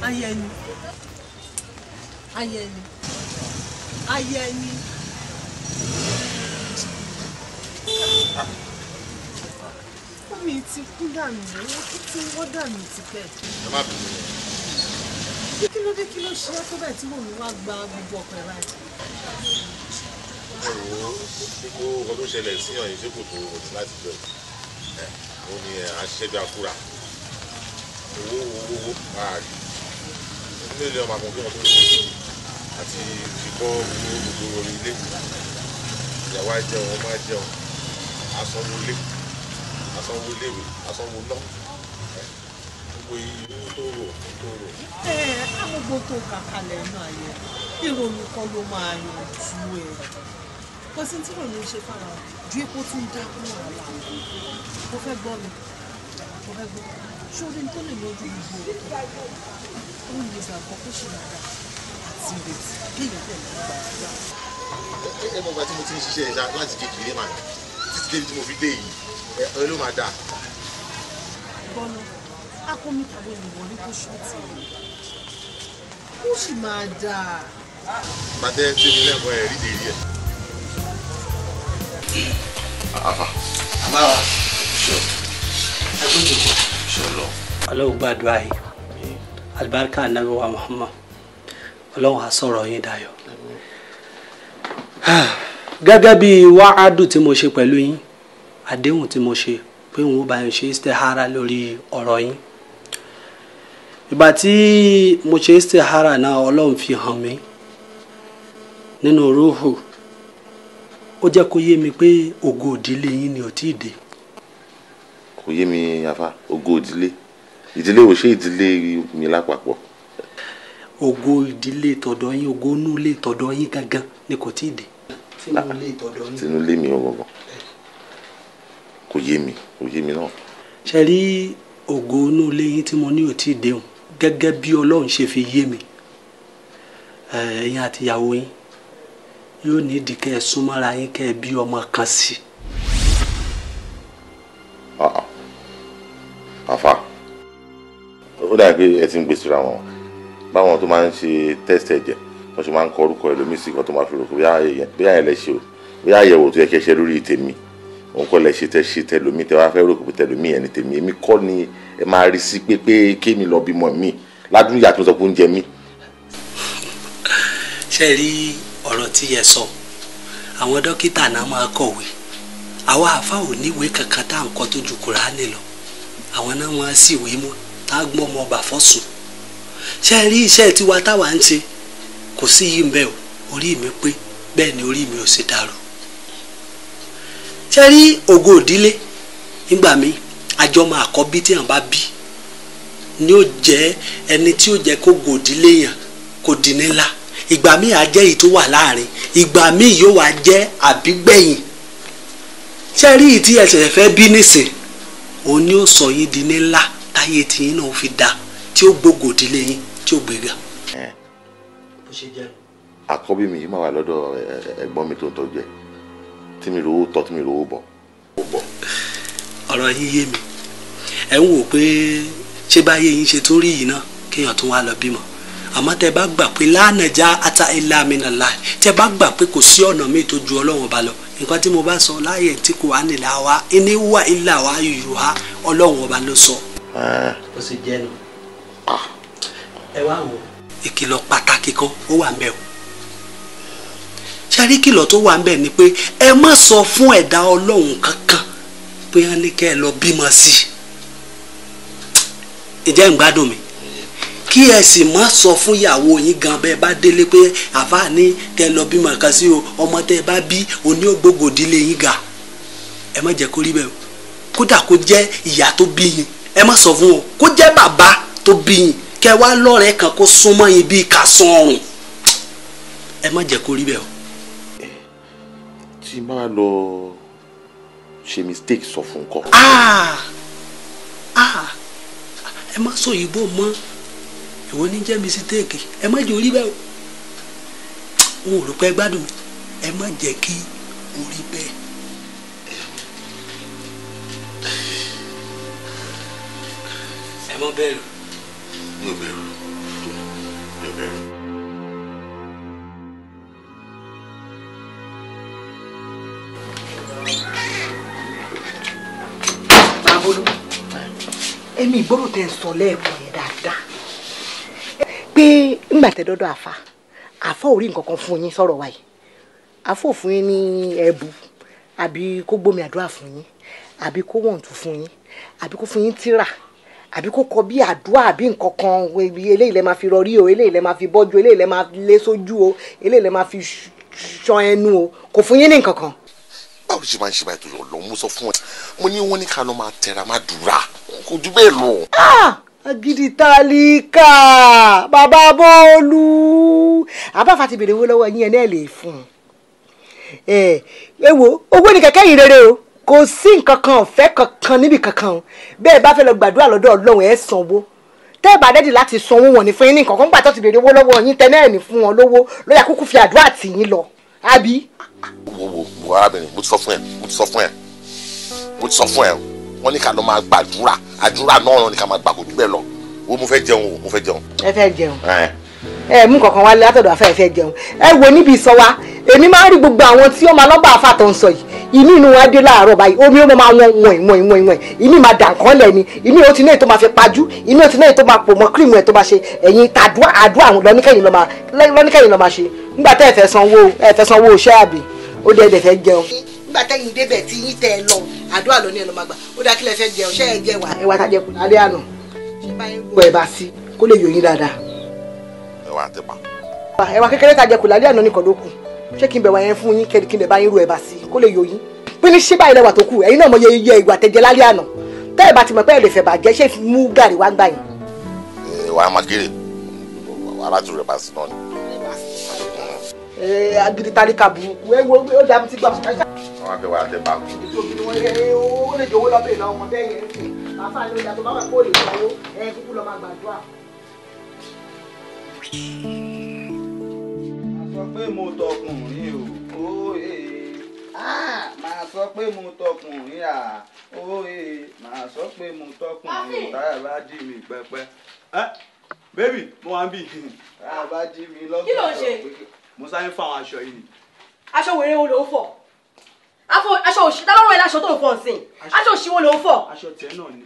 ayẹni ayẹni ayẹni. omi ti kú dànù owó títí wọ́n dànù tipẹ́. ẹ má bínú yẹn. kí ló dé kí ló ṣe é tó bẹ́ẹ̀ tí mò ń wá gba gbogbo ọ̀pẹ̀ báyìí. ẹ̀wọ̀n gbogbo ọkọ̀ tó ṣẹlẹ̀ síyàn yìí ṣé kò tó ọ̀tún láti bẹ̀rẹ̀ ẹ̀ òun ni à eh, bí akúra owó owó owó máa rí mílíọ̀nù ọmọ àkànkí wọn tó lówó sí àti fìkọ́ gbogbo ilé ìyàwó àjẹun ọmọ àjẹun asanwó ilé asanwó iléèwé asanwó náà gbogbo ìlú tó rò tó rò. ẹ ẹ amúgbó tó kàkàlẹ̀ náà yẹ ìrònú kan ló máa yanjú ẹ kò sí tí ìrònú ṣe fara ju epo tún dákú àwọn àwọn mo fẹ́ gbọ́ mi mo fẹ́ gbọ́ sórí tó lè lójú ìbò tó ó ní ìgbà kan kó ṣe dáadáa àti ìrètí kéèyàn tẹ̀ lọ́wọ́ gbàdúrà. ẹ mọ̀ gba tí mo ti ń ṣiṣẹ́ ẹja láti kékeré màá títí débi tí mo fi dé yìí ẹ ló máa dáa. bọ́lá akómi tàbí ìwọ ní kó ṣọ́ọ̀tì rẹ̀ ó sì máa dáa alibarika anabi wa muhammad ọlọ́run á sọ̀rọ̀ yín dayọ̀ gẹ́gẹ́ bí wàhádù tí mo ṣe pẹ̀lú yín àdéhùn tí mo ṣe pé n ó bá yín ṣe istihara lórí ọ̀rọ̀ yín ìgbà tí mo ṣe istihara náà ọlọ́run fi hàn mí nínú rúhù ó jẹ́ kó yé mi pé ògo ìdílé yín ni ò tí ì dé. kò yé mi afa ògo ìdílé ìdílé wo ṣé ìdílé mi lápapọ̀. ògo ìdílé tọ̀dọ̀ yín ògo inú ilé tọ̀dọ̀ yín gangan ni kò tíì dé. tinú ilé tọ̀dọ̀ yín. tinú mi ọ̀gọ̀ngàn kò yé mi kò yé mi náà. ṣe rí ògo inú ilé yín tí mo ní ò tíì dé o gẹ́gẹ́ bí ọlọ́run ṣe fi yé mi ẹ̀yin àtìyàwó yín yóò ní ìdí kẹ́ ẹ súnmọ́ra yín kẹ́ ẹ bí ọmọ kan sí i ó dà pé ẹ ti ń gbèsè ra wọn báwọn tó máa ń ṣe test ẹ̀jẹ̀ wọ́n ṣe máa ń kọ orúkọ ẹlòmíì sí kan tó máa fi rò pé bóyá ẹ lẹ ṣe o bóyá àyẹ̀wò tó yẹ kí ẹ ṣe lórí tèmi òun kọ́ lẹ ṣe tẹ ṣe tẹlòmíì tẹ wá fẹ́ rò pé tẹlòmíì ẹni tèmi èmi kọ́ ni ẹ máa rí sí pé pé kémi lọ bímọ mi ládùn ìyá tó sọ pé ó mi jẹ mí. ṣe rí ọ̀rọ̀ tí yẹ sọ àwọn dókítà náà máa kọ̀wé àwa àfa ò níwèé kankan tá à ń kọ́ tó ju Kùránì lọ àwọn náà máa síwèé mọ́ tá a gbọ́n ọmọ ọba fọ́sùn ṣe é rí iṣẹ́ tiwa táwa ń ṣe kò sí yìí ń bẹ o orí mi pé bẹ́ẹ̀ ni orí mi ò ṣe dàrú ṣe rí ògo òdílé nígbà mi àjọmọ àkọ́bí tí yàn bá bí ni ó jẹ́ ẹni tí ó jẹ́ kó gòdílé yàn kó di nílá ìgbà míì á jẹ́ èyí tó wà láàrin ìgbà míì yóò wá jẹ́ àbígbẹ̀yìn ṣe rí ìtí ẹ̀ṣẹ̀ fẹ́ bí nísìn òun ni ó sọ yín di nílá táyé tiyín náà fi dáa tí ó gbógo délé yín tí ó gbéga. àkọ́bí mi yìí máa wà lọ́dọ̀ ẹ̀gbọ́n mi tó ń tọ́jú ẹ̀ tí mi rówó tọ́ tí mi rówó bọ̀. ọ̀rọ̀ yín yé mi ẹ̀ ń wò pé ṣé báyé yín ṣe tó rí yìí náà kéèyàn tó wá lọ bímọ àmọ́ tẹ́ bá gbà pé lánàjá ata ilá mi nà láì tẹ́ bá gbà pé kò sí ọ̀nà mi tó ju ọlọ́run ba lọ nǹkan tí mo bá sọ láyé tí kò wá nílà wa ẹni wà ilà wa yìí wá ọlọ́run ọba ló sọ ó sì jẹ́ nu ẹ wá wò. ìkìlọ̀ pàtàkì kan ó wà ń bẹ̀ o ṣàríkìlọ̀ tó wà ń bẹ̀ ni pé ẹ má sọ fún ẹ̀dá ọlọ́run kankan pé wọ́n ní kẹ́ ẹ lọ bímọ sí i ìjẹ́ ń gbádùn mi kí ẹ sì má sọ fún ìyàwó yín gan bẹ́ẹ̀ bá délé pé àfa ní kẹ́ ẹ lọ bímọ kan sí o ọmọ tẹ́ ẹ bá bí oní ògbógòdì lè yín ga ẹ má jẹ́ kó rí bẹ́ẹ̀ kódà kó jẹ́ ìyá tó bí yín ẹ má sọ fún o kó jẹ́ bàbá tó bí yín kẹ wá lọ́rẹ̀ẹ́ kan kó súnmọ́ yín bíi ká sán ọrùn ẹ má jẹ́ kó rí bẹ́ẹ̀ o. tí máa lọ ṣe mistake sọ fún kọ. Ah! Ah! ẹ má sọ òyìnbó mọ ìwọ ní jẹ́ mistake ẹ má jẹ́ orí bẹ́ẹ̀ o n ò rò pé gbádùn ẹ má jẹ́ kí orí bẹ́ẹ̀. mọ́ bẹ̀rù. mi ò bẹ̀rù mi ò bẹ̀rù. Bàbólú, èmi ìgbọ́rò tẹ́ ń sọ lẹ́ẹ̀kan yẹn dáadáa. Pé ńgbà tẹ́ dọ́dọ̀ àfa, àfa ò rí nǹkan kan fún yín sọ̀rọ̀ wa yìí. Àfa ò fún yín ní ẹ̀bù àbí kó gbómi àdúrà fún yín àbí kó wọ̀ǹtù fún yín àbí kó fún yín tírà àbí kó kọ bí àdúrà àbí nǹkan kan eléyìí lẹ máa fi rọrí o eléyìí lẹ máa fi bọ́jú eléyìí lẹ máa lé sójú o eléyìí lẹ máa fi ṣan ẹnu o kò fún yín ní nǹkan kan. báwo ṣe máa ń ṣe báyìí tó yọ lọ mo sọ fún ẹ mo ní wọn ní ká lọ máa tẹra máa dùrà kò jù bẹ́ẹ̀ lọ. Ah! agidi talika bàbá bọ́ọ̀lù àbáfà ti bèrè owó lọ́wọ́ yín ẹ̀ náà lè fún un. ẹ wo owó ni kẹ̀kẹ́ yìí rere o kò sí nǹkan kan ọ̀fẹ́ kankan níbi kankan o bẹ́ẹ̀ bá fẹ́ lọ gbàdúrà lọ́dọ̀ ọlọ́run ẹ̀ sanwó tẹ́ ẹ̀ bá dẹ́dì láti sanwó wọn ní fún yín ní nǹkan kan gbà tó ti béèrè owó lọ́wọ́ yín tẹ́lẹ̀ ẹ̀ ní fún wọn lówó ló yá kúkú fi àdúrà tì yín lọ àbí. wo wo wo arábìnrin mo ti sọ fún ẹ mo ti sọ fún ẹ mo ti sọ fún ẹ wọn ní ká lọ máa gbàdúrà àdúrà náà ní ká máa gbà kó dúpẹ́ lọ wo mo fẹ́ jẹun o mo fẹ́ jẹun. ẹ fẹ́ jẹun ẹ mú kankan wá látọ̀dọ̀ àfẹ́ ẹ fẹ́ jẹun ẹ wo níbi ìsọ wa èmi máa ń rí gbogbo àwọn tí ó máa lọ́gbà àfàtọ̀ ń sọ yìí ìmí inú wọn á dé láàárọ̀ báyìí omi ó máa wọn wọ̀nyí wọ̀nyí wọ̀nyí wọ̀nyí ìmí máa dà nǹkan lẹ̀ ni ìmí ó ti ní èyí tó máa fi pajú ìmí ó ti ní èyí tó máa pò mọ́ kírìmù ẹ̀ tó máa ṣe ẹ̀yìn tàdúrà àdúrà àwọn lọ́níkẹ́yìn lọ́ máa ṣe nígbà tẹ́ ẹ fẹ́ sanwó ẹ fẹ́ sanwó iṣẹ́ àbí ó dé ẹ̀dẹ̀ fẹ́ jẹun. nígbà tẹ́yìn débẹ̀ tí yín tẹ́ ẹ lọ àdúrà lọ́ní ẹ̀ lọ́ máa gbà ó dá kílẹ̀ fẹ́ jẹun ṣé ẹ jẹ wà. ẹwà tájẹ kù lálẹ́ àná ṣé báyìí ń wọ ẹ̀ bá sí kó lè yòyìn dáadáa. ẹwà àtẹ̀pà. ẹwà kékeré tájẹ kù lálẹ́ àná nìkan ló kù ṣé kí n bẹ̀ wá yẹn fún yín kẹ́ni kí n bẹ̀ bá yín ru ẹ̀bà sí kó lè yọ yín bí ní ṣíbà ilẹ̀ wà tó kù ẹ̀yin náà mọ yẹ iye ìwà tẹ̀jẹ̀ lálẹ́ àná tẹ́ ẹ̀ bá ti mọ̀ pé ẹ̀ lè fẹ́ bàjẹ́ ṣé mú gàrí wá gbà yín. ẹ wà á máa kéré wàhálà tó rẹ̀ bá sí náà ni. ẹ agidi tali ka burúkú ẹ wo ó dàbí ti gbà. wọn fẹ́ wà á tẹ báàgù. ètò ìbínú ó lè jowó lọ́bẹ̀ ìlà ọmọ bẹ́ẹ̀ yẹn pé mo tọkùnrin o òye màá sọ pé mo tọkùnrin à òye màá sọ pé mo tọkùnrin táyà bá jí mi pẹpẹ. bébì mo wá ń bì táyà bá jí mi lọ́gbọ̀n sọ pé mo sáré fún àwọn aṣọ yìí ni. aṣọ wèrè wo ló fọ aṣọ òṣìṣẹ́ tá lọ́rùn ẹ̀ láṣọ tó ń fọ̀ nsìn aṣọ òṣìṣẹ́ wo ló fọ. aṣọ tẹ náà ni.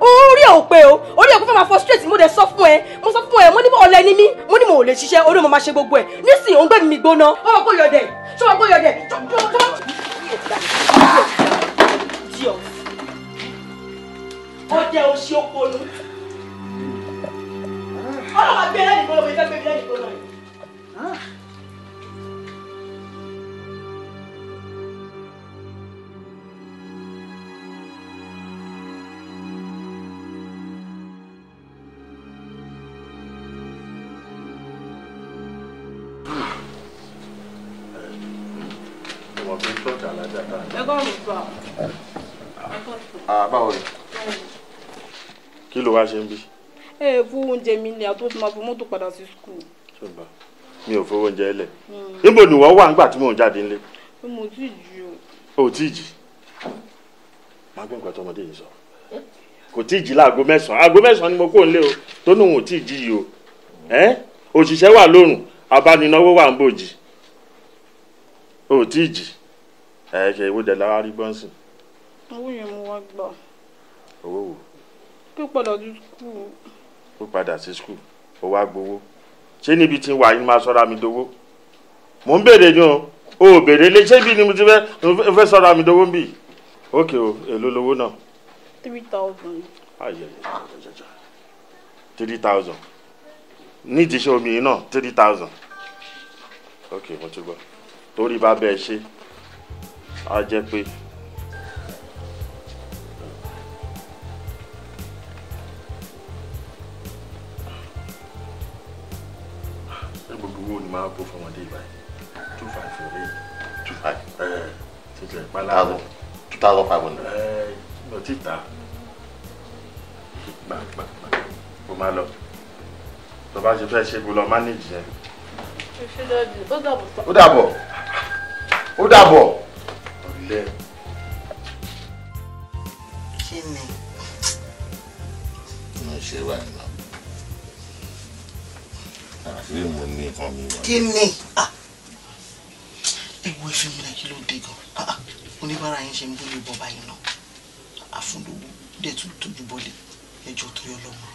orí ẹ̀ ò pé o orí ẹ̀ kò fẹ́ máa frustrate mo dẹ̀ sọ fún ẹ mo sọ fún ẹ mo ní ọ̀lẹ ni mí mo ní mo ò lè ṣiṣẹ́ orí mo máa ṣe gbogbo ẹ̀ nísìnyí òun gbẹ̀mí mi gbóná ó wà kó yọ̀dẹ̀ ṣó wà kó yọ̀dẹ̀ tó tó tó. ọjẹ́ o ṣe oko nu ọlọ́wà gbé lẹ́yìn gbóná mi fẹ́ gbé lẹ́yìn gbóná mi. Ah, ni kí ló wá ṣe ń bí. ẹ ẹ fún oúnjẹ mi ni àtúntò máa fi mọ́tò padà sí skul. mi ò fowó oúnjẹ lẹ hmm. níbo ni wọ́n wà nígbà tí mò ń jáde nílé. mo tí ì jí o. o tí ì jí máa gbé nǹkan tọmọdé yìí sọ kò tí ì jí láago mẹ́sàn-án aago mẹ́sàn-án ni mo kó nílé o tó nù wọn ò tí ì o òṣìṣẹ́ wà lórùn abánináwó wà ń bòjì o tí ì jí ẹ ṣe ìwé dẹ̀ lára rí bọ́ǹsì. owó yẹn mo wá gbà. owó wo. kí o padà sí skul. kó padà sí skul ó wá gbowó ṣé níbi tí wàá yín máa sọ́ra mi dowó mò ń béèrè ni o ò béèrè lé ṣé ibi ni mo ti fẹ́ sọ́ra mi dowó ń bì ókè o èló lowó náà. three thousand. ayé jajaja three thousand nídìí iṣẹ́ omi yìí náà three thousand ókè mo ti gbọ́ torí bá bẹ́ẹ̀ ṣe á jẹ́ pé gbogbo owó ni máa bó fún ọmọdé báyìí two five four eight two five ṣètò ìpalá rẹ two thousand five hundred. lọ títa gbàgbà kó máa lọ tó bá ṣe fẹ́ ṣe kó lọ manage yẹn. ó dàbọ̀ ó dàbọ̀ ó dàbọ̀ bẹ́ẹ̀. kí ni. mo ṣe wà nínú àṣírí mo ní nǹkan mi wà. kí ni. Ah! ewu ẹ̀fín mi náà kí ló dé gan-an ah, ah! oníbàárà yín ṣe ń bó lè bọ́ báyìí náà àfúndòwò dẹ̀ tún tójú bọ́lẹ̀ ẹjọ́ tó yọ lọ́mọ.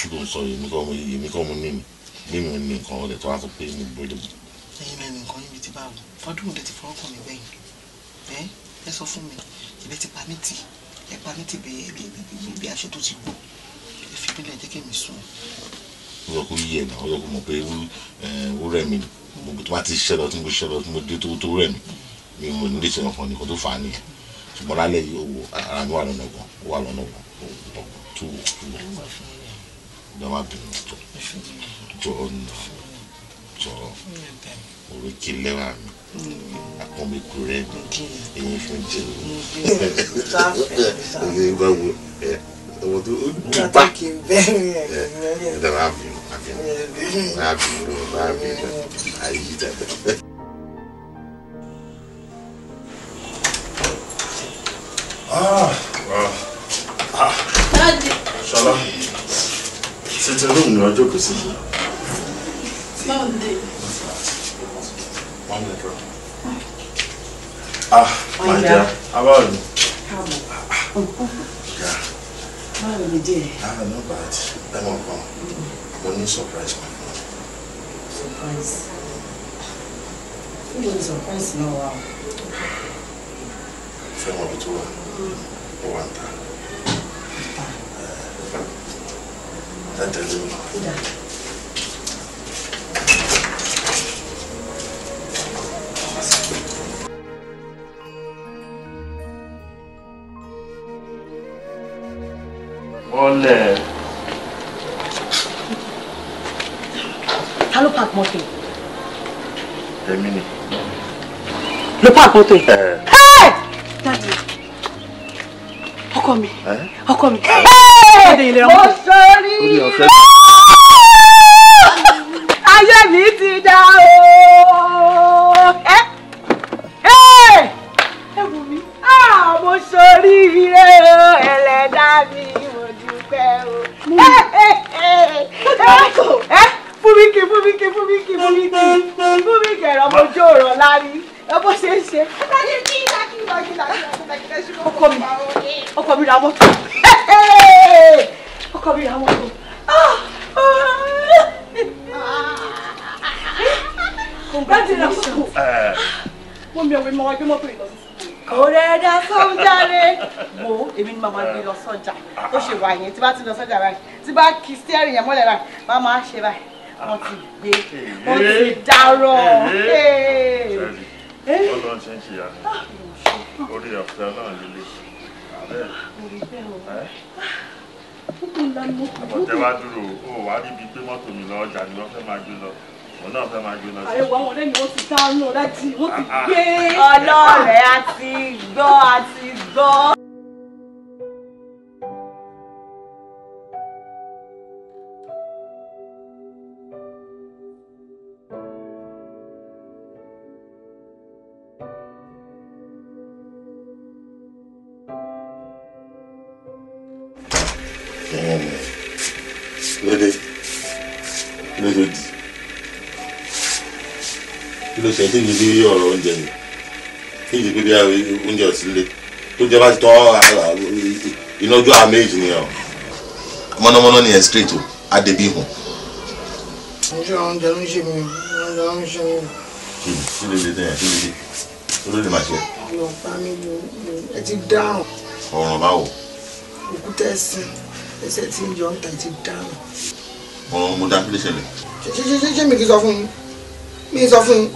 ṣùgbọ́n mo sọ èmi kọ́ mo èmi kọ́ mo ní mi bí mi ní nǹkan ọ̀rẹ́ tó wá sọ pé mi bó lè ẹyin lẹ́nu nǹkan yín bíi ti báwo fọdún òde ti fọwọ́kàn mi bẹ́yìn ẹ sọ fún mi ìbí ti pa mí tì ẹ pa mí tì bí bí aṣọ tó ti gbó ẹ fi mílẹ̀ jẹ́ kí mi sùn. ó yọ kó yí ẹ náà ó yọ kó mọ̀ pé ó rẹ̀ mí gbogbo tó bá ti ṣẹlọ tí mo ṣẹlọ tí mo dé tó tó rẹ̀ mí mi mo ní lè ṣe ọkàn nìkan tó fà á nìyẹn ṣùgbọ́n lálẹ́ yìí owó ara mi wà lọ́nà gan wà lọ́nà gan tó wò tó wò lọ́ má bínú jọ jọ ọ̀nà jọ orí kí lẹ́wà mi àkànbí kú rẹ ẹyin fún jẹ ẹyin bá wo ẹ ọmọ tó ó dùn bá ẹ ẹ dábàá bínú bínú bínú bínú ayé dáadáa. Ah, wow. Ah. Daddy. Shala. Sitting room, no joke, sitting. Monday. One minute, bro. Ah, my dear. How are you? Yeah. How are you, dear? Ah, ah. Oh, oh. ah, no bad. Let me come. Money surprise me. Surprise? You don't surprise me wow. Fẹ́ mọ̀ bí tó wà. Mm. Ó wà ń ta. Eh, ẹ tẹ̀lé bọ́lẹ̀. ta ló park mọ́tò yìí. èmi ni. ló park mọ́tò yìí. dáàbò ọkọ mi ọkọ mi. mo sọ rí i. ayé mi ti dá o. yín pé fún mi kẹ̀rọ mo jó ọ̀rọ̀ lárí ẹ bó ṣe ń ṣe. ọkọ mi ọkọ mi ra mọ́tò ọkọ mi ra mọ́tò. Mo mi ò wí mọ́ wájú mọ́tò ìlọsí ọ̀rẹ́ dá sọ́jà rẹ̀ wo èmi ni màmá gbé lọ sọ́jà ó ṣe wà yẹn tí bá ti lọ sọ́jà báyìí tí bá kì í stẹ́rìn yẹn mọ́lẹ̀ báyìí má máa ṣe báyìí wọ́n ti gbé wọ́n ti dárọ̀ ọlọ́run wá ah, dúró o wá níbi pé mọ́tò mi lọ ọjà ni wọ́n fẹ́ máa gbé lọ òun náà fẹ́ máa gbé lọ sí. àyẹ̀wò àwọn ọ̀rẹ́ mi wọ́n ti dáná láti wọ́n ti ah, ah. gbé. ọlọ́rẹ̀ a ti gbọ́ a ti gbọ́. ló ṣe dì kí ló ṣe tí ń ọ̀rọ̀ oúnjẹ yìí tí ń pé bí oúnjẹ ọ̀sìn lé tó jẹ bá ti tọ́ iná ojú àmì èjì nìyẹn o. mọ́nàmọ́ná ni ẹ̀ straight o adébí hàn. ojú àwọn oúnjẹ ló ń ṣe mi oúnjẹ ló ń ṣe mi. kí ló lè dẹ́yìn kí ló lè kí ló lè máa ṣe. ọ̀nà pa mi wo ẹ ti dáhùn. ọ̀ràn báwo. òkúta ẹ̀sìn ẹsẹ̀ tí ń yọ ń ta ti dáhùn ọ̀rọ̀ mo dá kílé ṣẹlẹ̀. ṣé mi kì í sọ fún mi sọ fún yín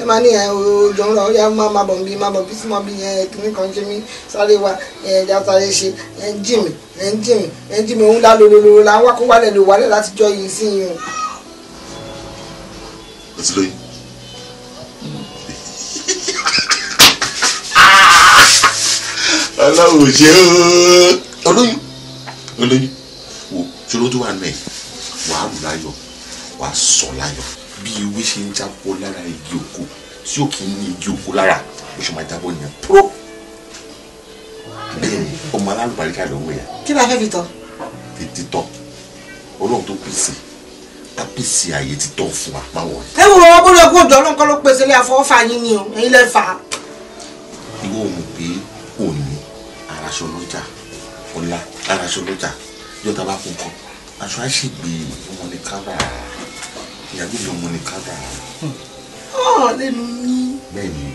ẹ máa ní ẹ òjò ńlọ ya máa máa bọ̀ bí máa bọ̀ bí sí máa bí ẹ kìnnì kan ṣe mí sáré wa ẹ ẹja sáré ṣe ẹ ń jì mí ẹ ń jì mí ẹ ń jì mí òun lá lolololo là ń wá kó wálẹ̀ lò wálẹ̀ láti jọ yìí sí yìí o. ètí lóyún. aláwo ṣe olóyún olóyún wo ṣòro tó wà nù ẹ wàá rù láyọ̀ wàá sọ láyọ̀ bí ewé ṣe ń jábọ́ lára igi òkú tí ó kì í ní igi òkú lára bó ṣe máa jábọ́ nìyẹn púrò bẹ́ẹ̀ni ọmọ alálùbáríkà lọ́wọ́ yẹn. kí ló fẹ́ fi tọ́. fi títọ́ ọlọ́run tó pèsè á pèsè àyè títọ́ fún wa máa wọ̀. ẹ wo ọmọ bóyá ogún ọ̀dọ́ ọlọ́run kọ́ ló pèsè lé àfọwọ́fà yín ni o ẹ̀yin lẹ́ fà á. ìwọ ò mọ̀ pé òní araṣọ lọ́jà ọ̀la araṣọ lọ́jà yọta bá kún kan aṣọ àṣègbè ọmọ ní kábà ìyàgbé mi ọmọ ní kábà. Hmm. ọ lẹ́nu mi. bẹ́ẹ̀ni.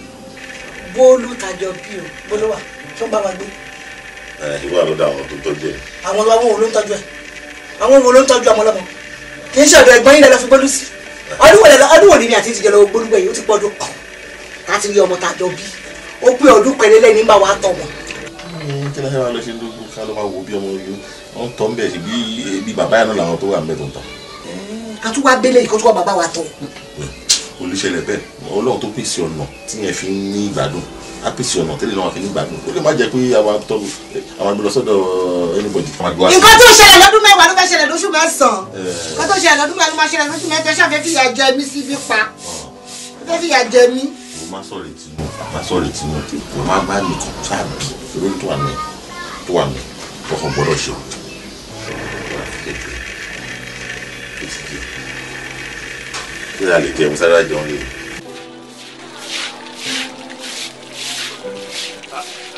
bólú tajọ bí o bólú wa tó bá wa gbé. ẹ ìwà ló dá àwọn tó tọ́jú ẹ. àwọn ọmọ wo ló ń tọ́jú ẹ àwọn wo ló ń tọ́jú ọmọ lọ́mọ kì í ṣàdọ̀ ẹ̀gbọ́n yín lẹ́la fi gbọ́dú sí ọdún òní ni àti ìjẹ́ lọ gbólúgbẹ yìí ó ti pọ́dún kan láti rí ọmọ tajọ bí ó pé ọdún pẹ̀lẹ́lẹ́ ní hmm, bá wa tọ̀ wọ́n. kí ni ẹ máa lọ ṣe lóògùn ká ló máa wò bí ọmọ wọ́n tọ́ ń bẹ̀ sí bí bí bàbá yẹn náà làwọn tó wà ń bẹ̀ tó ń tọ́. Eh, a tún wá délé ìkọ́tún wa bàbá wa tọ̀. olùṣẹlẹ bẹ́ẹ̀ Ọlọ́run tó pèsè ọ̀nà tí yẹn fi ń ní ìgbádùn á pèsè ọ̀nà tẹ́lẹ̀ náà fi ní ìgbádùn ó lè má jẹ́ pé àwọn àtọ́ àwọn àgbẹ̀ lọ́sọ́dọ̀ anybody. nǹkan tó ṣẹlẹ̀ lọ́dún mẹ́wàá ló fẹ́ ṣẹlẹ̀ lóṣù mẹ́sàn-án eh. nǹkan tó ṣẹlẹ̀ lọ́dún mẹ́wàá ló máa ṣẹlẹ̀ lóṣù mẹ́tọ́ ṣàfẹ́ fìyà jẹ mí sí ibi pa ah. fẹ́ fìyà jẹ mí. mo máa sọ̀rọ̀ ìtì mú máa sọ̀rọ̀ ìtì mú mo máa bá nìkan sáà bí olórí tó wà mí tó wà mí ọkàn gbọ́dọ̀ kí ni a lè jẹun sára jẹun lè.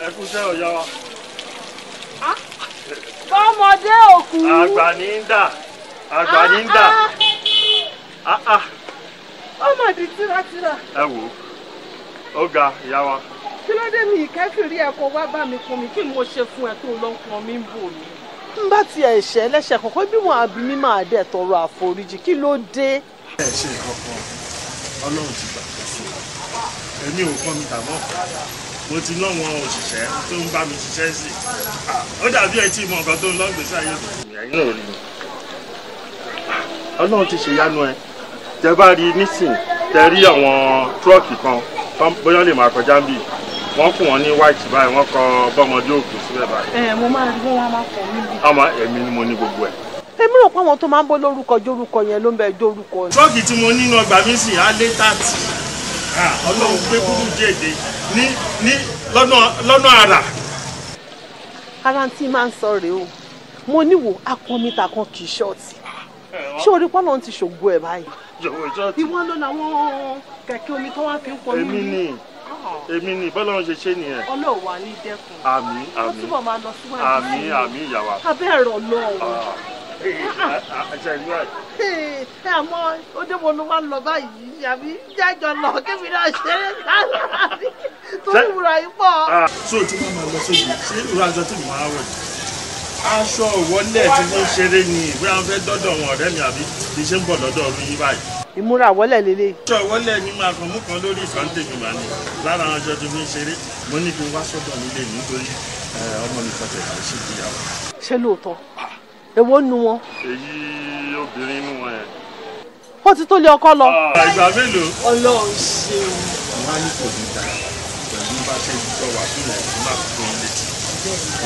ẹ kú sẹ́ ọ̀yá wa. Ah, bọ́mọdé òkú. àgbà ní í dà àgbà ní í dà. Ah, ah. ọmọ di tíratíra. ẹ wò ó ga ìyá wa. kí ló dé mi ìkẹ́fìrí ẹ̀ kó wá bá mi fún mi kí mo ṣe fún ẹ tó lọ́kùnrin mi ń bò mí n bá ti ẹ̀ṣẹ̀ ẹlẹ́ṣẹ̀ kankan bí wọn àbí mi máa dẹ̀ tọrọ àforíjì kí ló dé. ẹ ṣe kankan ọlọ́run ti gbà pé sí èmi ò kọ́ mi tàmọ́ mo ti láwọn òṣìṣẹ́ tó ń bá mi ṣiṣẹ́ sí ó dàbí ẹ tí mo nǹkan tó ń lọ gbèsè ayé mi. ẹ̀yin ò rí mi ẹ tẹ bá rí nísìn tẹ rí àwọn tírọ́ọ̀kì kan bóyá lè máa kọjá ń bì wọ́n kùn wọ́n ní white báyìí wọ́n kọ bọ́mọdé òkú síbẹ̀ báyìí. ẹ mo máa rí wọn wá máa kọ mí. ọmọ èmi ni mo ní gbogbo ẹ. èmi rò pé àwọn tó máa ń bọ́ lórúkọ jórúkọ yẹn ló ń bẹ jórúkọ yẹn. tọ́ọ̀kì tí mo ní inú ọgbà mi sì á lé tààtì ọlọ́run gbé kúrú jèdè ní ní lọ́nà àrà. ara tí máa ń sọ rèé o mo níwò akọmíta kan kì í ṣọ́ọ̀tì ṣé orí pọ́nà ti ṣògo ẹ̀ báyìí ìwọ ló làwọn kẹ̀kẹ́ omi tó wá fi ń pọ̀ èmi ni bọ́lọ́run ṣe ṣe nìyẹn. ọlọ́wà ní dẹ́kun. àmín àmín wọ́n túbọ̀ máa lọ síwájú. àmín àmín ìyàwó. abẹ́rẹ̀ ọlọ́run. ṣe ah, ìlú ah, ẹ̀. ẹ àmọ́ odébo ló wá lọ báyìí àbí jẹ́jọ lọ kébì náà ṣe é lálàbí tó wúra yìí pọ̀. so tí wọn máa lọ sóde ṣé ìrora aṣọ tí màá wẹ̀ aṣọ ìwọlé tí wọn ṣeré ni ìwé àwọn fẹẹ dọdọ wọn ọ̀rẹ́ mi àbí kì ṣe ń bọ̀ lọ́dọ̀ ọrùn báyìí ìmúra àwọ́lẹ̀ lele ìṣe àwọ́lẹ̀ mi máa kàn mú kan lórí ìfàǹtẹ̀ mi máa ní lára àwọn ọjọ́ tó fi ń ṣeré mo ní kí n wá sọ́dọ̀ nílé mi nítorí ọmọ mi fọ̀tẹ̀ kà sí ìyàwó. ṣé lóòótọ́ èwo nu wọn. èyí obìnrin inú wọn yẹn. ó ti tó lé ọkọ lọ. Ah, ìgbà mélòó. ọlọ́run ṣeun. wọn á ní kò ní dáa pẹ̀lú bá ṣe gbọ́ wà fún ẹ̀ ní tó ń létí.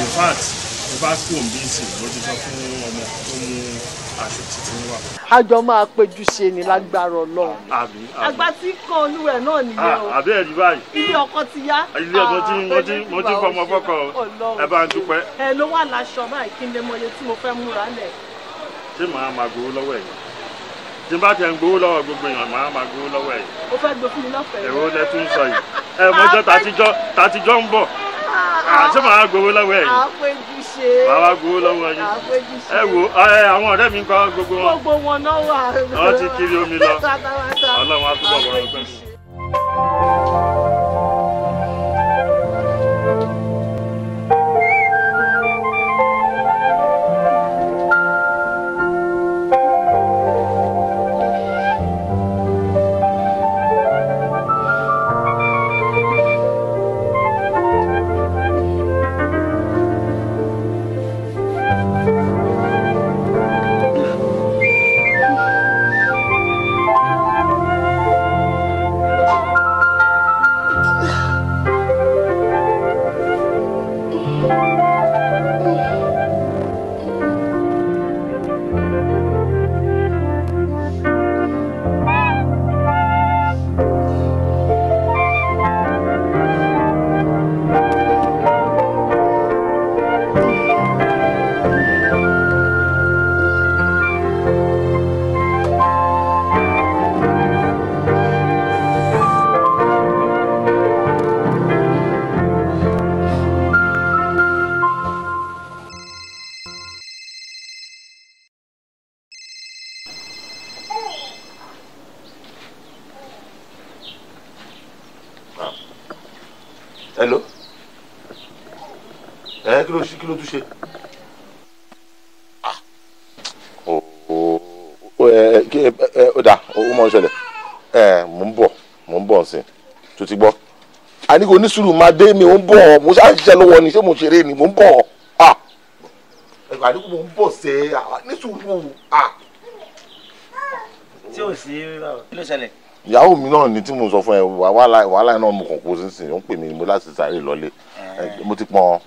in fact mo bá school ti sọ fún ọmọ tó mú àti títí wà. a jọ máa péjú ṣe ni lágbára Ọlọ́run. àbí àbí àgbà tí kan olúwẹ̀ náà nìyẹn ah, o. àbí ẹ̀rí báyìí. ilé ọkọ ti yá. ilé ọkọ tí ah, mo ti mo ti fọmọ fọkọ ẹ bá ń dúpẹ́. ẹ ló wà láṣọ báyìí kí n lè mọye tí mo fẹ́ múra lẹ̀. ṣé màá máa gbowó lọ́wọ́ ẹ̀yìn tí n bá tẹ̀ ń gbowó lọ́wọ́ gbogbo èèyàn màá máa gbowó lọ́wọ́ ẹ̀yìn. o fẹ́ gbé fún mi lọ́fẹ̀ẹ́. èwo lẹ tún sọ yìí ẹ mọjọ tàtijọ́ tàtijọ́ ń bọ̀ àti màá gbowó lọ́wọ́ ẹ̀yìn màá wá gbowó lọ́wọ́ yín ẹ wo àwọn ọ̀rẹ́ mi ń kọ́ gbogbo wọn wọn ti kiri omi lọ ọlọ́run á túbọ̀ wọ́n pẹ́. àní kò ní sùúrù máa dé mi ò ń bọ̀ ọ́ mo ṣáà ni ṣé mo ṣeré ni mo ń bọ̀ ọ́ à ẹ̀gbọ́n mo ń bọ̀ sẹ́ ní sùúrù à. tí ò sí kí ló ṣẹlẹ̀. ìyàwó mi náà ni tí mo sọ fún ẹ wàhálà náà mo kàn kó sínsìn ó ń pè mí mo láti sáré lọlé mo ti pọn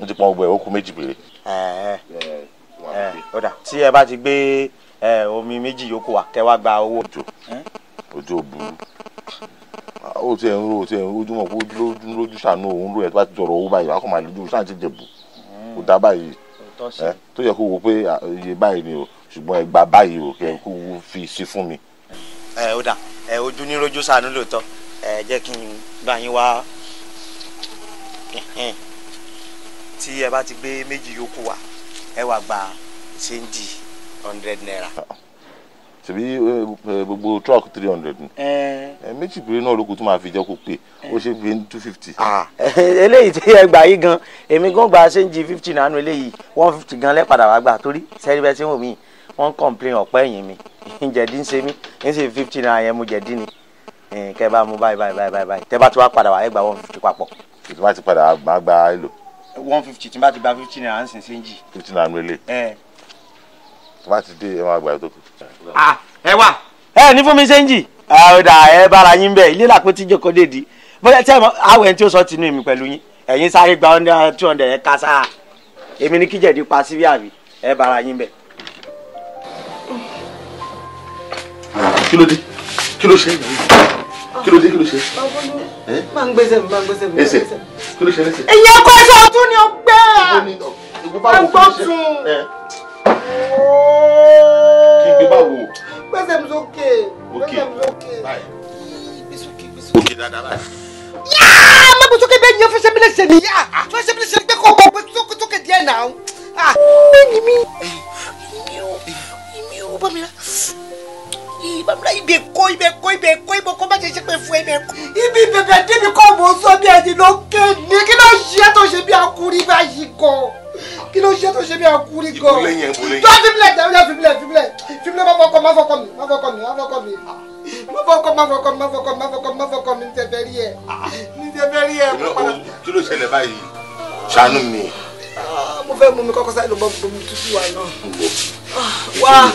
mo ti pọn gbogbo ẹ ó kú méjì péré. tí ẹ bá ti gbé omi méjì yòókù wa kẹ wá gba owó. òjò òjò burú ó ti ẹ̀ ń ro ó ti ẹ̀ ń rojúmọ̀ kó lójú sànú òun ro ẹ̀ tó bá ti jọ̀rọ̀ owó báyìí wàá kọ́ máa lójú sàn ti jẹ̀bù kò dá báyìí ẹ tó yẹ kó wo pé iye báyìí ni o ṣùgbọ́n ẹ gba báyìí o kẹ kó wo fi ṣe fún mi. ẹ ó dà ẹ ojú ní rojú sànú lóòótọ́ ẹ jẹ́ kí n bá yín wá tí ẹ bá ti gbé méjì yòókù wá ẹ wá gba ṣéǹdì hundred naira. Ah. Sebi, eh, eh, gbogbo truck three hundred ni eh. méjì péré náà lóko tó máa fi jẹ́ kó pè ó ṣe pé two fifty. Ah. eléyìí tí ẹ gbà yìí gan èmi gan gba ṣéǹjì fifty nánú eléyìí one fifty gan lẹ́padà wá gbà torí sẹ́ríbẹ́ tí wọ́n mi wọ́n complain ọ̀pẹ́ ẹ̀yìn mi ìjẹ̀dí ń ṣe mí ń ṣe fifty náà yẹn mo jẹ̀dí ni kẹ́ bá mu báyìí báyìí báyìí báyìí tẹ́ bá ti wá padà wá ẹ gba one fifty papọ̀. ètò bá ti padà má gba èlò. one fifty tí n bá ti gba fifty náà ń sìn fifty náà ń relé. tó bá ti dé ẹ Ah, ẹ wà. ẹ ní fún mi sẹ́ńjì. ọ̀dà ah, ẹ bára yín bẹ́ẹ̀ ilé làpẹ́ tí jòkó lè di bóyá tí àwẹ̀ tí ó sọ tinú èmi pẹ̀lú yín ẹ̀yin sáré gba ọ̀ndẹ̀ two hundred ẹ̀ ká sára èmi ní kíjẹ̀dí pa síbí àbí ẹ bára yín bẹ́ẹ̀. kí ló dé kí ló ṣe é kí ló dé kí ló ṣe é. máa ń gbèsè mi máa ń gbèsè mi. ẹsẹ̀ kí ló ṣe é lẹ́sẹ̀. ìyẹn ẹ̀kọ́ ẹ̀ṣọ́ ọ̀tún ni ó gbé. tún kí n gbé báwo. gbèsè mi sókè gbèsè mi sókè. òkè dáadáa báyìí. yáa má gbé sókè bẹ́ẹ̀ ni ó fẹ́ ṣe mí léṣe nìyá fẹ́ ṣe mí léṣe pé kò gbọ́ pé sókè sókè díẹ̀ náà. bẹ́ẹ̀ni mi mi ò mi ò bọ́ mi rà ìbámúlá ibi èkó ibi èkó ibi èkó ibi èkó má ṣe ṣe pé fún ẹni ẹkọ. ibi bẹ̀bẹ̀ débi kọ́ mọ̀ sọ bí ẹni ló ké ní kí ló ṣe é tó ṣe bí akuri báyìí gan kí ló ṣe tó ṣe bí akuri gan. ìkúlẹ̀ yẹn ìkúlẹ̀ yẹn. tó fífilẹ̀ tẹ̀wé lẹ fífilẹ̀ fífilẹ̀ fífilẹ̀ má fọkọ má fọkọ mi má fọkọ mi má fọkọ mi má fọkọ má fọkọ má fọkọ má fọkọ má fọkọ mi tẹ fẹ́ rí ẹ mi tẹ fẹ́ rí ẹ. kí ló ṣẹlẹ̀ báyìí ṣàánú mi. Ah, mo fẹ́ mú mi kọ́kọ́ sáré lọ bọ́ omi tútù wa náà. wá ah,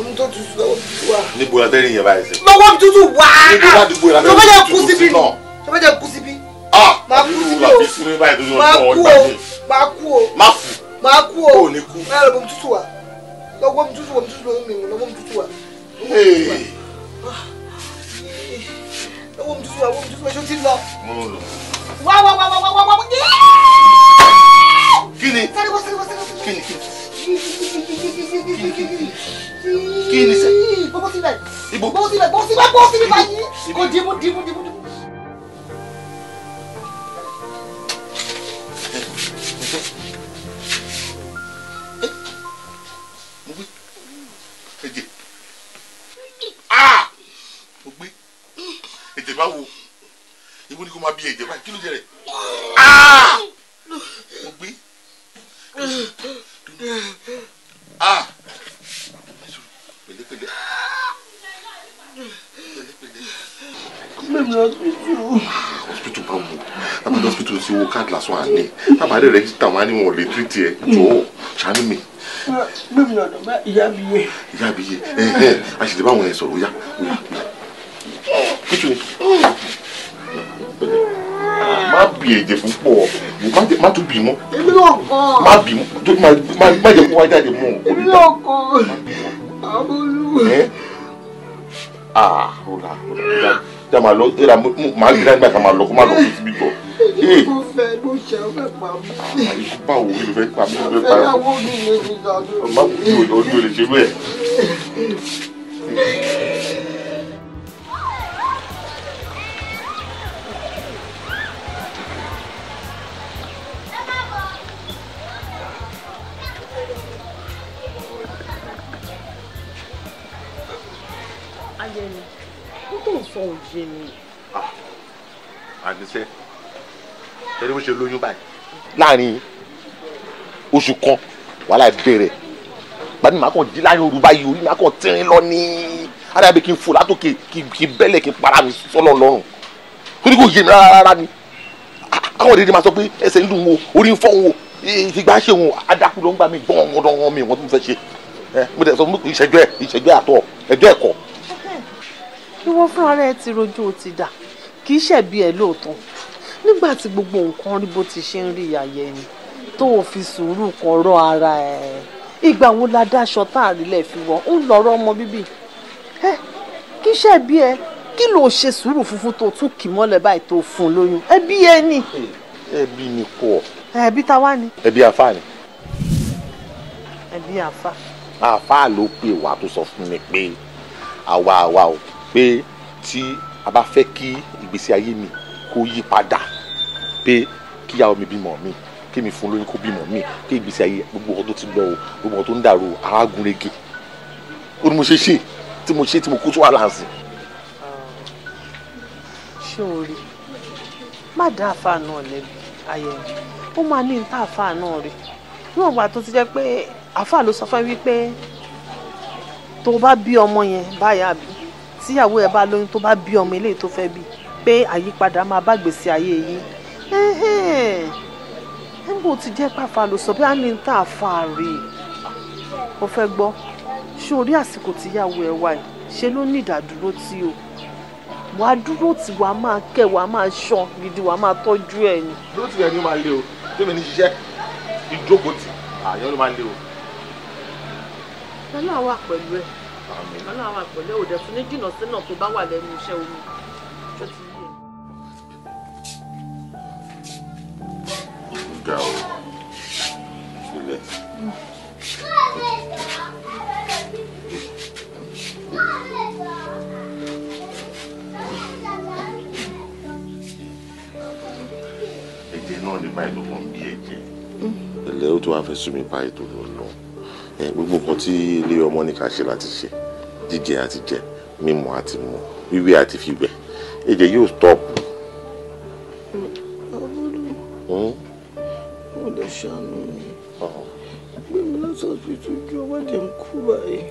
omi tó tútù wa omi tútù wa. níbo la tẹ́lẹ̀ yẹn báyìí sẹ́. mo wọ́n tútù wá. níbo la dìbò yẹn la tẹ́lẹ̀ yẹn tútù náà. Ah! sọ máa kú o. má kú. máa kú o. o ní kú. máa lọ bọ mi tútù wa lọ́gbọ́n mi tútù wa mi tútù wa mi lọ́gbọ́n mi tútù wa. lọ́gbọ́n mi tútù wa wa ṣé o ti lọ. mo lọ. wá wá wá wá wá wá wá. kí ni. sáré wá sáré wá sáré wá. kí ni kí ni kí ni sẹ. bọ́bọ́ sílẹ̀ bọ́bọ́ sílẹ̀ bọ́bọ́ sílẹ̀ báyìí kò dìbò dìbò dìbò. oúnjẹ rẹ̀ mo gbé hospital bá mu abúlé hospital ti wo káàdì lásán àní tábàdé rẹ títà wọn á wọn ò lè ẹ jọ̀ọ́ ṣàánú mi ìyá mi yé. ìyá mi yé ẹ ẹ a sì lè bá àwọn yẹn ya. bí ẹ̀jẹ̀ púpọ̀ má tún bì mọ́ má bì mọ́ má jẹ́ kó wá jáde mọ́ èmi náà kọ́ àbólú. ah ọ̀la ọ̀la ja ma lọ ẹ ra ma n gbẹdẹ gbàgbà ma lọ kó ma lọ fún mi jọ. ikú fẹ́ ló ṣe ó fẹ́ pa mí. ikú bá wo mi ló fẹ́ pa mí ló fẹ́ pa mí. ẹ̀yàwó mi lè ti dàdúró. ọmọ mi ò lè ṣe bẹ́ẹ̀. yé mi ó tó ń sọ òye mi. àníṣe ẹni mo ṣe lóyún báyìí. láàrin oṣù kan wàhálà bẹ̀rẹ̀ gbani màá kàn jí láyọ̀ òru báyìí orí màá kàn tẹ́rín lọ ní adábẹ́ kí n fò látòkè kí n bẹ́lẹ̀ kí n para mi sọ́nà lọ́rùn torí kò yé mi rárá ni káwọn òde ni sọ pé ẹsẹ̀ ń dùn wo orí ń fọ́ wo ìgbà ṣe wọn adákú ló gbọ́n wọn wọn mi wọn tó fẹ́ ṣe mo tẹ̀ sọ mo ìṣẹ́jọ́ ẹ̀ ìṣẹ́jọ́ àtọ̀ ẹjọ́ ẹ̀kọ́ ìwọ fún ara ẹ ti rojú o ti dà kì í ṣẹ̀bi ẹ lóòótọ́ nígbà tí gbogbo nǹkan rí bó ti ṣe ń rí ìyàyẹ ni tó o fi sùúrù kan rọ ara ẹ ìgbà wo la dáṣọ tá a rí lẹ̀ fi wọ̀ ń lọ́rọ́ ọmọ bíbí ẹ kì í ṣẹ̀bi ẹ kí ló ṣe sùúrù funfun tó tún kì mọ́lẹ̀ báyìí tó fún un lóyún ẹbí ẹ ni. ẹbí ni kò. ẹbí ta wá ni. ẹbí afa ni. ẹbí afa. afa ló pè wá tó sọ fún mi pé àwa àwa o pé tí a bá fẹ́ kí ìgbésí ayé mi kó yí padà pé kíyàwó mi bímọ mi kémi fún lóyún kó bímọ mi kí ìgbésí ayé gbogbo ọkọ tó ti lọ o gbogbo ọkọ tó ń dàrú arágúnrégé ó ní mo ṣe ṣe tí mo ṣe tí mo kó tó wà láǹsì. ṣé o rí má dá àáfàá náà lẹ́bi ayẹyẹ ó máa ní níta àáfàá náà níwọ̀n ìgbà tó ti jẹ́ pé àáfàá ló sọ fún mi wípé tó o bá bí ọmọ yẹn báyà bí tíyàwó ẹ bá lóyún tó bá bí ọmọ eléyìí tó fẹ́ bí pé àyípadà máa bá gbèsè ayé yìí nígbà ó ti jẹ́ pàfà ló sọ bí a ní ń tà fà rè ó fẹ́ gbọ́ ṣé orí àsìkò tíyàwó ẹ wà yìí ṣe ló ní ìdádúró tí o wà á dúró tí wà á máa kẹ́ wà á máa ṣan gidi wà á máa tọ́jú ẹ ni. dúró tì rẹ máa le o tèmi ní ṣiṣẹ́ ìjókòó tì àyọ́ ló máa le o. pẹ̀lú àwa pẹ̀lú ẹ ọlọ́run àpẹ̀lẹ́ òde fún ní jìnnà sínú tó bá wà lẹ́nu iṣẹ́ omi tó ti yé. ga o ilẹ̀ ẹ̀jẹ̀ náà ní báyìí ló kàn bí ẹ̀jẹ̀ ilẹ̀ ó tún wá fẹ́ sún mi báyìí tó lọ́la. Eh, gbogbo nǹkan tí ilé ọmọ ní ká ṣe láti ṣe jíjẹ àti jẹ mímu àti mu wíwẹ̀ àti fíwẹ̀ ẹ̀jẹ̀ yóò stop. ọlọ́run mo lè ṣàánú mi oh. gbé mi lọ sí hospital ju ọwọ́ dẹ̀ ń kú báyìí.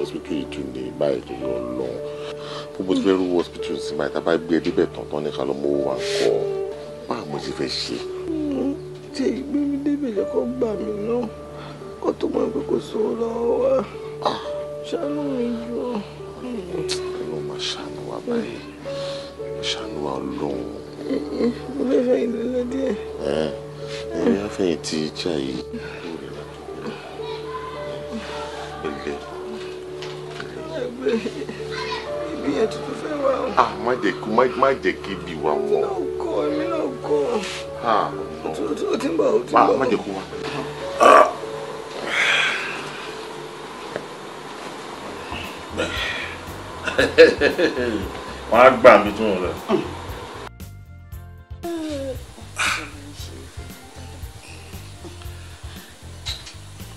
hospital yìí tún ní báyìí tó gbogbo tí fẹ́ẹ́ rú hospital sí báyìí tá a bá gbé débẹ̀ tán tán ní ká ló mówó wa kọ́ báà mo ti fẹ́ ṣe. Hmm, tí ìgbé mi débẹ̀ lẹ́kọ̀ọ́ gbà mí náà kó tó mọ̀ pé kò sówó lọ́wọ́ wa ṣàánú mi jù ọ́. ló máa ṣàánú wa báyìí ṣàánú wa lóhùn. mo fẹ́ fẹ́ ìlú lọ díẹ̀. ẹ̀mí afẹ́yìn ti jà yìí lórí ìlànà ah má jẹ́ kí má jẹ́ kí ibi wà wọ́n. mi náà kọ́ mi náà kọ́. ah no. o ti ń bọ̀ o ah, má jẹ́ kó wà. wọn á gbà mí tún lọ.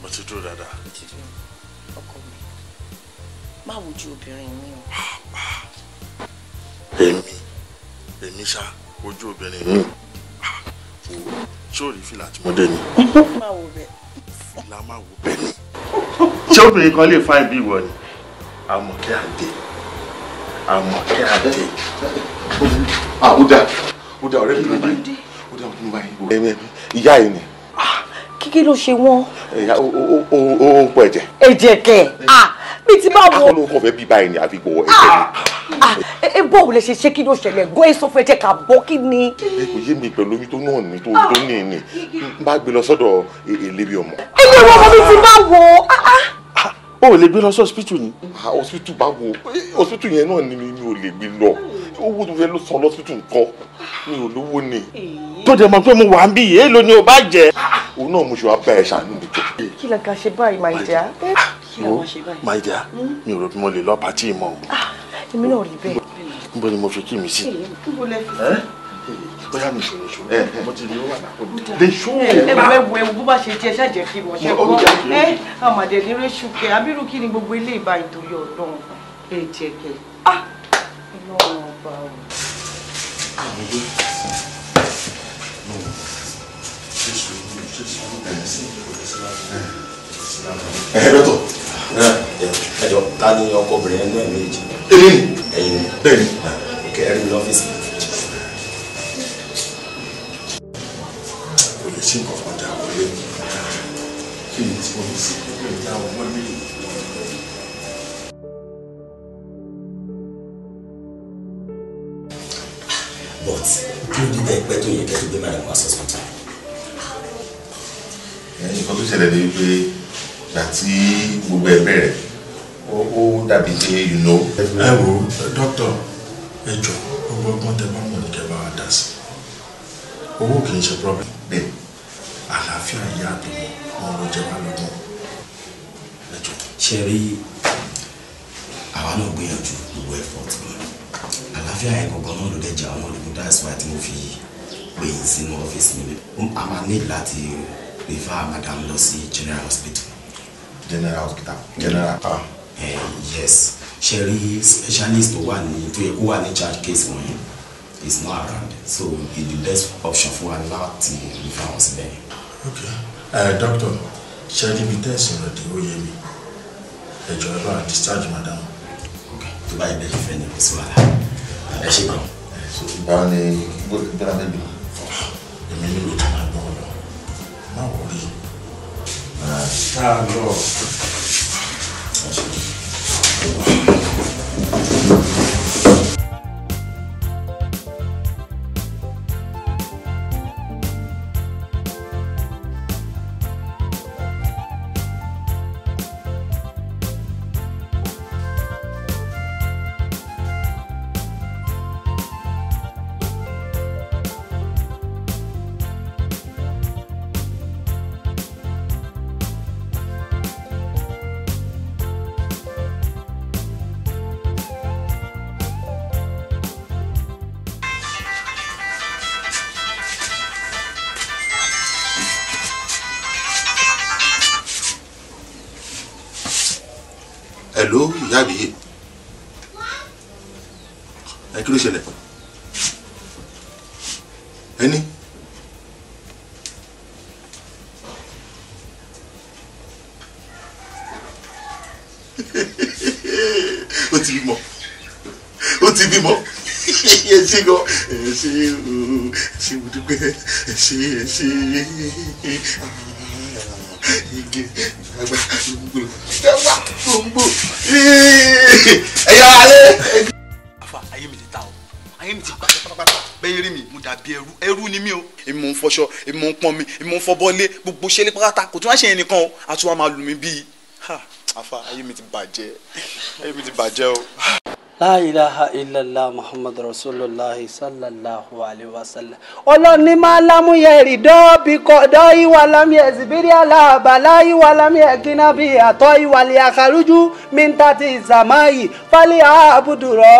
mo ti dúró dáadáa. ọkọ mi má wojú obìnrin mi o. èmi èmi ṣá ojú obìnrin mi ṣé ò rí fìlà tí mo dé ni. má wo bẹ́ẹ̀. fìlà má wo bẹ́ẹ̀ ni ṣé obìnrin kan lè fa ibi ìwọ ni àmọ̀kẹ́ àdé àmọ́ kí a dé. à ó dà ó dà ọ̀rẹ́ mi ló bá yín ó dà ọ̀rẹ́ mi ló bá yín. ìyá yìí ni. kíkí ah, ló ṣe wọ́n. o, o, o, pọ̀ ẹ̀jẹ̀. ẹ̀jẹ̀ kẹ̀ mi ah, ti bá wọ. akọ́nù kọfẹ́ bíbá yìí ni àfi gbọ́ ẹ̀jẹ̀ ni. Ah, ẹ bọ́ òun lè ṣe ṣé kí ló ṣẹlẹ̀ gbọ́ èso fẹ́ jẹ́ ká bọ́ kí ni. ẹ kò yé mi pẹ̀lú omi tó náà ní tó ní ní n bá gbé lọ sọ́dọ̀ èlébi e, e, ọmọ. ẹ yẹ wọ́n mi ti bá wọ o lè gbé lọ sí hospital ni. Ah, hospital báwo eh, hospital yẹn náà ni mi ò lè gbé lọ owó tó fẹ́ ló san lọ́sítù nǹkan mi ò lówó ni. tó jẹ́ mọ̀ pé mo wà ń bí yìí èèlò ni O bá jẹ́. Ah, òun náà mo ṣe wá bá ẹ ṣàánú mi tó. kí la kà ṣe báyìí my dear. Ah, wo my dear hmm? mi ò rò bí mo lè lọ pàtí ìmọ̀ èmi náà rí bẹ́ẹ̀. níbo ni mo fi kí mi sí. níbo lẹ fi sí bóyá mi ìṣòro ìṣòro mo ti rí owó àdàpọ̀ lè ṣó. ẹ ẹ wo ẹwu bó bá ṣe jẹ ṣáà jẹ kí wọn ṣe kọ ẹ àmàdé ní rẹṣù kẹ abirú kí ni gbogbo ilé ìbá ìtòrí Ọlọ́run ẹ jẹ kẹ ah iná ọba o. ẹ dọ́tọ̀ ẹ jọ ta ni ọkọ obìnrin ẹni méjì. èmi ẹyin bẹ́ẹ̀ni kẹrin lọ́fíìsì. ṣẹlẹ̀ ní pé ìgbà tí gbogbo ẹ bẹ̀rẹ̀ ó dàbí pé you know. ẹ wo dókítà ẹ jọ gbogbo ọgbọ́n tẹ bá mọ̀ ní kẹ́ bá wa dá sí owó kì í ṣe problem bẹ́ẹ̀ àlàáfíà ìyá àtọmọ wọn ló jẹ wá lọ́gbọ́n ẹ jọ. ṣe rí àwa náà gbìyànjú gbogbo ẹ̀fọ́ tí wọ́n ní àlàáfíà ẹ̀ gangan náà ló dẹjà àwọn olùkọ́ dáhùn wa tí mo fi gbẹ̀yìn sínú ọ́fíìsì níbi a máa ní láti refer madam lọ sí general hospital. general hospital general. Ah. Eh, yes ṣe specialist One wà ní tó yẹ charge case for yẹn is not around so e the best option fún wa láti refer wọn síbẹ̀. ok uh, doctor ṣe be ibi tẹ́sán rẹ̀ dé ó yẹ mi discharge Madame. Okay. tó bá yẹ bẹ́ẹ̀ ṣe fẹ́ ní kò sí wàhálà ẹ ṣe kàn. báwo ni gbọ́dọ̀ gbọ́dọ̀ bẹ́ẹ̀ bí. èmi nílò tí màá gbọ́ Nałożę. Tak, no. ó ti bímọ ó ti bímọ ẹ ṣe gan ẹ ṣe ooo ṣe mo dúpẹ́ ẹ ṣe ẹ ṣe ah, igi àgbà gbogbo ṣẹwà gbogbo ẹyà alẹ. afa ayé mi ti ta o ayé mi ti gbà pátápátá bẹ́ẹ̀ rí mi mo dàbí ẹrú ẹrú ni mi o. èmi mò ń fọṣọ èmi mò ń pọn mi èmi mò ń fọbọ́lé gbogbo ṣẹlẹ̀ pátá kò tún wá ṣe ẹnìkan o àtúwà máa lù mí bíi afa ayé mi ti bàjẹ́ ayé mi ti bàjẹ́ o. la ilaha illallah muhammadu rasulillah sallallahu alayhi wa sallam ọlọ́ni máa lámú yẹ̀rì dọ́ọ̀bì kọ́dọ̀ ìwà lámì ẹ̀sìbírí aláàbàlá ìwà lámì ẹ̀kínábì àtọ́ ìwà lè àkàrújú mintati zamayi fali abudurọ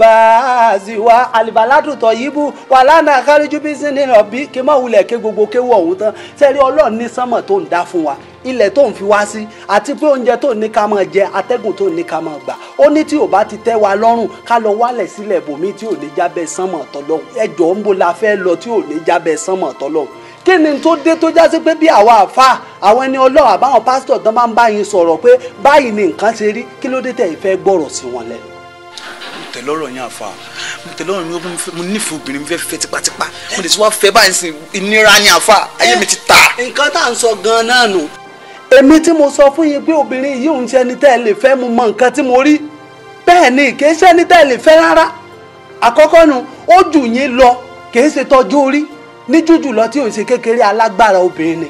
baaziwa alibalatu tọyibu wàlànà àkàrújú bísí nínú ọbí kí n má wulẹ̀ ké gbogbo kéwọ́ ọ̀hún tán sẹ́rí ọlọ́ọ̀ni sánmọ̀ tó ń dá fún wa ilẹ̀ tó ń fi wá sí àti pé oúnjẹ tó ní ká máa jẹ atẹ́gùn tó ní ká máa gbà ó ní tí ò bá ti tẹ́ wa lọ́rùn ká lọ wálẹ̀ sílẹ̀ bòmí tí ò ní jábẹ́ sánmọ̀ tọ́lọ́hùn ẹjọ́ ń bo la fẹ́ lọ tí ò ní jábẹ́ sánmọ̀ tọ́lọ́hùn kí ni tó dé tó já sí pé bí àwa àfa àwọn ẹni ọlọ́run àbáwọn pásítọ̀ tán máa ń bá yín sọ̀rọ̀ pé báyìí ni nǹkan ṣe rí kí ló dé tẹ̀ ìfẹ́ gbọ́rọ̀ sí wọn lẹ́nu tẹlọrọ yẹn àfa mo tẹlọrọ mi mo nífẹ̀ẹ́ obìnrin mi fẹ́ fẹ́ tipátipá mo lè tún wá fẹ́ báyìí sí ìnira ni àfa ayé mi ti ta. nǹkan tá à ń sọ gan-an náà nù èmi tí mo sọ fún yín pé obìnrin yìí òun ṣe ẹni tẹ́ ẹ lè fẹ́ mu mọ nǹkan tí mo rí bẹ́ẹ̀ ni kì í ṣe ẹni tẹ́ ẹ lè fẹ́ rárá àkọ́kọ́ nu ó jù yín lọ kì í ṣe tọ́jú orí ní jújù lọ tí òun ṣe kékeré alágbára obìnrin ni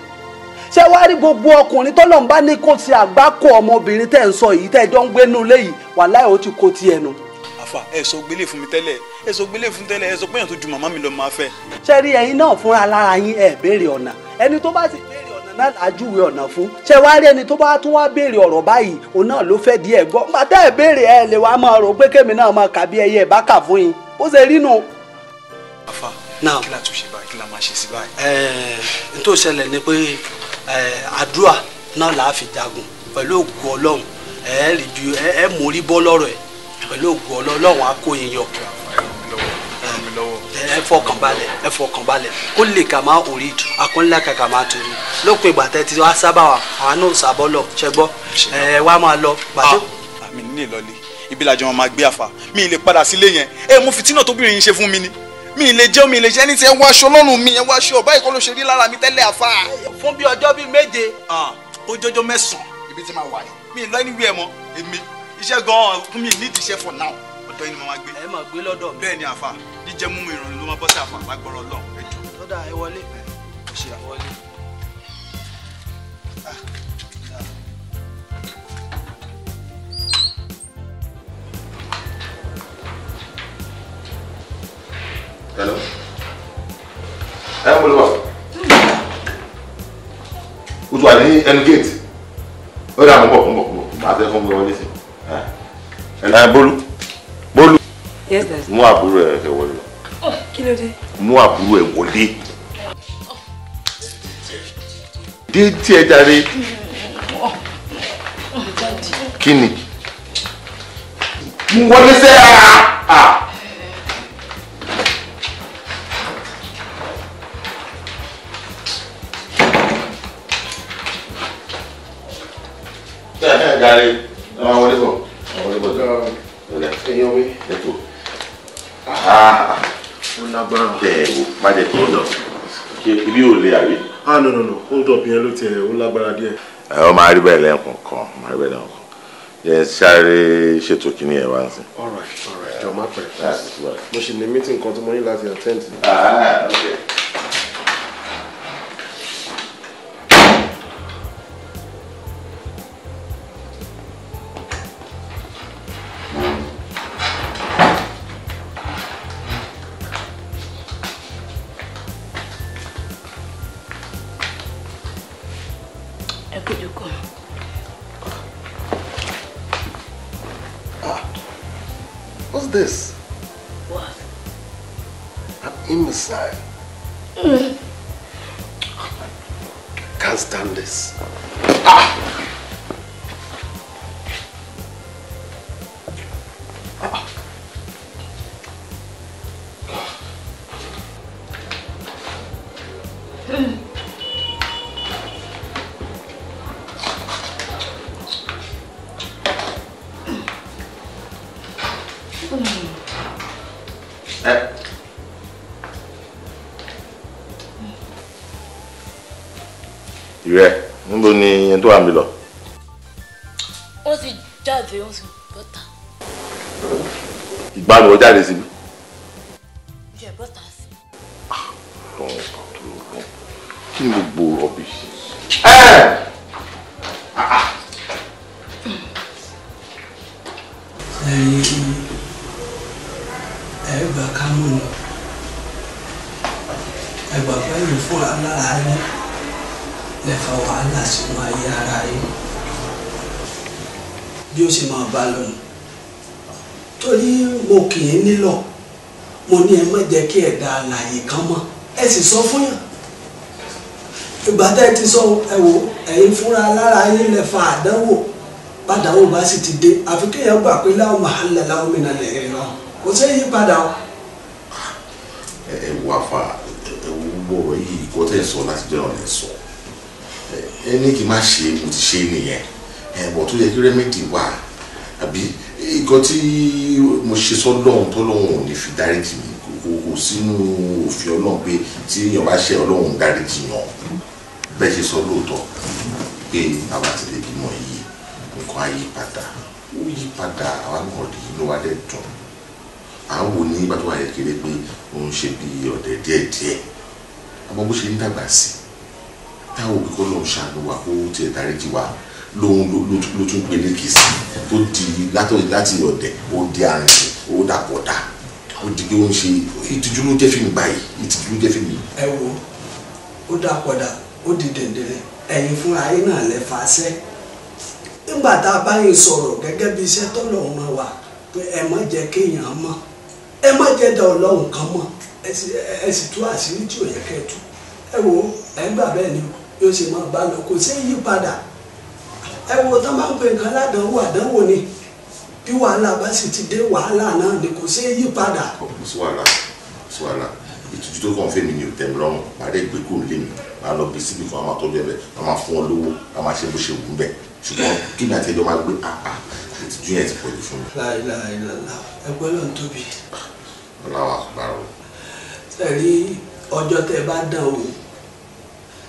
ṣé wàá rí gbogbo ọkùnrin tó lọ́n bá ní kó ṣe àgbákò ọmọbìnrin tẹ́ ń sọ yìí tẹ́ jọ ń gbé nulé yìí wàláhì ó ti kó tiẹ̀ nu. àfà ẹ gbélé fún mi tẹ́lẹ̀ ẹ gbélé fún tẹ́lẹ̀ ẹ sọ tó ju màmá mi lọ máa fẹ́. ṣé rí ẹ̀yin náà fúnra lára yín ẹ ọ̀nà ẹni tó bá ti béèrè náà àjúwe ọ̀nà fún ṣé wá rí ẹni tó bá tún wá béèrè ọ̀rọ̀ báyìí òun náà ló fẹ́ di ẹ̀ gbọ́ nígbà tẹ́ ẹ̀ béèrè ẹ̀ lè wá máa rò pé kémi náà máa kà bí ẹyẹ ìbákà fún yín ó ṣe rí nu. àfa kí la tún ṣe báyìí kí la máa ṣe sí báyìí. n tó ṣẹlẹ̀ ni pé àdúrà náà là á fi jagun pẹ̀lú ògùn ọlọ́run ẹ̀ ẹ̀ mórí bọ́ lọ́rọ̀ ẹ̀ pẹ̀lú ògùn ọlọ́run á kó yín yọ ẹ fọkàn balẹ̀ ẹ fọkàn balẹ̀ kó lè kà máa òrí ìtù àkúnlẹ̀ kàkà máa torí lópin ìgbà tẹ́ ti wá sábà wà àwọn náà sábọ́ lọ ṣẹgbọ́ ẹ wá máa lọ. Ah, àmì ní ìlọlẹ ibi làjọ wọn máa gbé àfà mi ì lè padà sílé yẹn ẹ mo fìtínà tóbìnrin yìí ṣe fún mi ni mi ì lè jẹ́ mi ì lè jẹ́ ní ti ẹ wáṣọ lọ́rùn mi ẹ wáṣọ báyìí kọ́ ló ṣe rí lára mi tẹ́lẹ̀ àfà. fún bí ọjọ́ bíi méje ojoojó ah, mẹ́sàn-án ibi tí máa wà yìí mi ì lọ anywhere mọ́ èmi iṣẹ́ gan-an fún mi ní ìdíṣẹ́ for now ọ̀dọ̀ yín ni màá gbé. ẹ máa gbé lọ́dọ̀ mi. bẹ́ẹ̀ àfa jíjẹ múmu ìrànlọ́ ló máa bọ́ sí àfa lágbọ́rọ̀ lọ lọ́dà ẹ wọlé. ẹ ṣe àwọlé. Hello. Ẹ bolo wa. Ojú wa ní ẹnu gate. Ó dà mọ́ bọ̀ mọ́ bọ̀ mọ́. fún mi wọlé sí. Ẹ bolo mú àbúrò ẹ wọlé. Oh, kí ló dé. mú àbúrò ẹ wọlé. dé tí ẹ jàre. kí ni. mú wọlé sẹ́ ẹ̀. Gari, no, what is it? What is it? Um, yeah. Anyway. Let's go. Ah. ó lágbára. bẹ́ẹ̀ o má jẹ́ kí n lọ ṣe ibi ò lè àrí. ah no no no hold up yẹn ló tiẹ̀ ó lágbára díẹ̀. ẹ ọ máa rí bẹ́ẹ̀ lẹ́ẹ̀kan kan máa rí bẹ́ẹ̀ lẹ́ẹ̀kan kan yẹn sáré ṣètò kíní ẹ̀ wá sí. all right all right jọ̀ọ́ má pẹ́ mo ṣì ní mítìn kan tó mọ ní láti attend. ah ok. ámbito àlàyé kan mọ̀ ẹ sì sọ fún yàn ìgbà tá ẹ ti sọ ẹ wò ẹ̀yin fúnra lára yín lẹ fa àdánwò bàdánwò bá sì ti dé àfi kéèyàn gbà pé láwọn màhálà láwọn mìíràn lè rí lọ kò sí èyí padà o. ẹ ẹ wá fa ẹ wò gbọ́rọ̀ yìí kò tẹ́ ẹ sọ láti jẹ́ ọ̀nà ẹ sọ ẹ ní kí n má ṣe mo ti ṣe nìyẹn ẹ bọ̀ tó yẹ kí rẹ́mẹ̀dì wà àbí nǹkan tí mo ṣe sọ́dọ̀ ọ̀hún tó lọ́hùn ò ní fi dáríjì mi sínú òfin ọlọ́run pé tí èèyàn bá ṣe ọlọ́run dáríjì yàn bẹ́ẹ̀ ṣe sọ lóòótọ́ pé àwa ti lè bímọ yìí nǹkan á yí padà ó yí padà àwa náà rí inú wa dẹ̀ dùn à ń wo ní bàtà wà yẹ kéré pé òun ṣe bí ọ̀dẹ̀ díẹ̀díẹ̀ àmọ́ bó ṣe ń dàgbà sí táwọn òbí kọ́ lọ́n ṣàánú wa kó tiẹ̀ dáríjì wa lòun ló tún gbé ní kìsì tó di láti ọ̀dẹ̀ ó di arìnrìn ó dàpọ̀ ó di ṣe ìtìjú ló jẹ́ fíìmù báyìí ìtìjú ló jẹ́ fíìmù. ẹ wo ó dá padà ó di dẹ̀ndẹ̀rẹ̀ ẹ̀yin fúnra yín náà nígbà tá a bá yín sọ̀rọ̀ gẹ́gẹ́ bí iṣẹ́ wa pé ẹ má jẹ́ kéèyàn ẹ má jẹ́ ọlọ́run kan ẹ sì tú àṣírí tí ò yẹ kẹ́ ẹ lọ kò sí yípadà ẹ wo tó máa ń pè bí wàhálà bá sì ti dé wàhálà náà ni kò ṣeé yí padà. kò sí wàhálà kò sí wàhálà ìtújú tó kàn fún mi ni ò tẹ̀mí lọ́rùn màá dé gbé kúrò lémi màá lọ bí síbi kan a máa tọ́jú ẹ bẹ́ẹ̀ a máa fún ọ lówó a máa ṣe bó ṣe wù ú bẹ́ẹ̀ ṣùgbọ́n kí ni àtẹ́jọ́ máa gbé àpá ah, ah, ìtújú yẹn ti pọ̀ jù fún mi. láìláìláìlá ẹgbẹ́ ló ń tóbi. ọláwà àpárọ̀. sẹ́rí ọjọ́ tẹ bá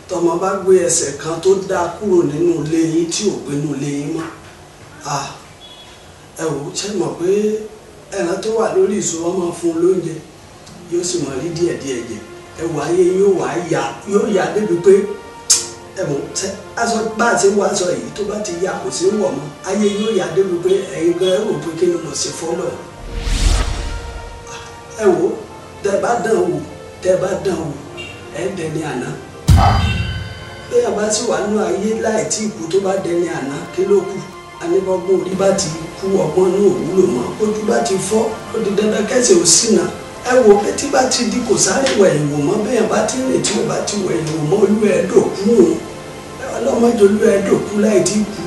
tọmọ bá gbé ẹsẹ̀ kan tó dá kúrò nínú ilé yín tí ò gbénú ilé yín mọ́ ah, ẹ wò ó ṣe mọ̀ pé ẹran tó wà lórí ìṣó wọn máa fún un lóúnjẹ yóò sì máa rí díẹ̀díẹ̀ jẹ ẹ wò ayé yóò wá yá yóò yá débi pé ẹ mọ̀ tẹ aṣọ bá a ti wọ aṣọ yìí tó bá ti yá kò sí wọ̀ mọ́ ayé yóò yá débi pé ẹ̀yin gan ẹ rò pé kí ni mo ṣe fọ́lọ̀ ẹ wò ó tẹ bá dán wò tẹ bá dán wò ẹ dẹni àná bẹ́ẹ̀ bá sì wà nínú ayé láì tí ìkú kú ọgbọ́n ní òwúlò mọ́ ojú bá ti fọ́ ó di dandan kẹsẹ̀ ò ṣìnà ẹ wo pé tí bá ti di kò sáré wẹ̀ ìwò mọ́ bẹ́ẹ̀ bá ti rìn tí ò bá ti wẹ̀ ìwò mọ́ olú ẹ̀ dòkú òun ọlọ́mọdé olú ẹ̀ dòkú láì tí kú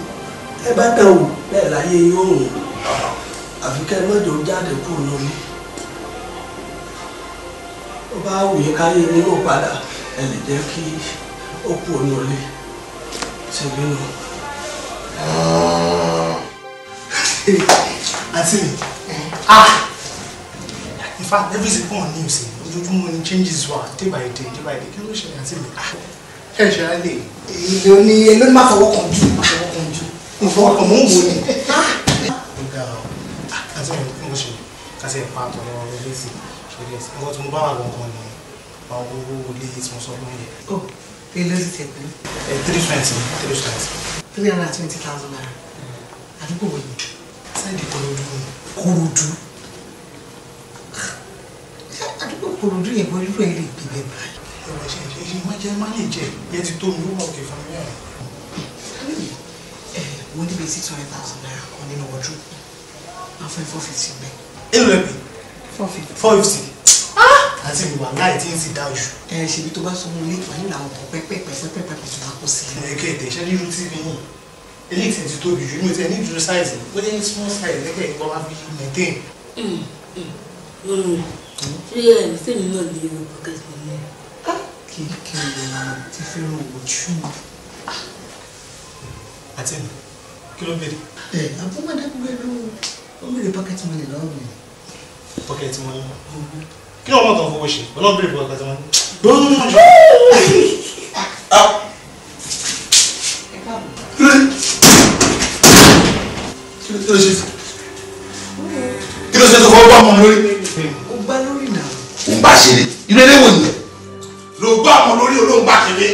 ẹ bá dàn wò bẹ́ẹ̀ láyé yóò rùn àfi kẹ́ ẹ mọ́jọ jáde kú lórí ó bá wùyẹ káyé nínú padà ẹ lè jẹ́ kí ó kú òun lórí ṣègbè náà ee eh. àǹtí ah in fact every single one news ojoojúmọ́ ni changes wà day by day day by day Can you ṣẹlẹ̀ àǹtí mi ah ẹ ṣe ara lè èlò ni èlò matter má fọwọ́ kan jù má fọwọ́ kan jù mo fọwọ́ kan mò ń wò ni. ọ̀gá ah! àǹtí ah! mi mo ṣe kásẹ̀ ẹ̀ pa àtọ̀rọ̀ ọ̀rọ̀ lẹ́sì ṣe lẹ́sì nǹkan tí mo bá wà gbọ̀ngàn ni àwọn owó ilé tí mo sọ lóye. ó Oh, ti tẹ̀ pé. ẹ eh, three twenty three twenty. three hundred twenty thousand naira I don't go with you sáyẹ̀dì korodu korodu àdúgbò korodu yẹn pẹ̀lú ẹ̀ lè gbé bẹ́ẹ̀ báyìí. ọ̀rọ̀ ṣe ṣe ṣe má jẹ́ má lè jẹ́ yẹn ti tó mi ó wà òkè fún mi rẹ̀. ẹ mo níbi six hundred thousand naira kan nínú ọdún máa fẹ́ four fifty bẹ́ẹ̀. èlò ẹ̀ pè four fifty. four fifty ah! àti ìwà láì tí ń sì dá oṣù. ẹ ṣèbí tó bá sọ mú ilé ìtọ́jú làwọn ọkọ̀ pẹ́pẹ́pẹ́ pẹ́pẹ́pẹ́ tó máa kó sí i. ẹ kéde ṣẹ́ni irú tí mi hàn eléyìí ti tóbi jù mí o ti ẹ̀ ní ìdúró size ó ní small size lẹ́kẹ̀ẹ́ ìgbọ́ máa fi maintain. ṣé ẹ sẹ́mi náà lè wọ pocket money. kékeré ti fẹ́ràn ojú àti ẹ̀mí kí ló ń bèrè. ẹ abúmọdé gbé ló ń bèrè pocket money lọ́wọ́ mi. pocket money kí ló ń mọ̀ tán fowó ṣe ọlọ́run bèrè pocket money. ló ṣe fún kí ló ṣe tó fọwọ́ bá ọmọ lórí. ó gbá lórí náà. ó ń bá ṣeré irú eléwò nìyẹn ló gbá ọmọ lórí olóhùn bá ṣeré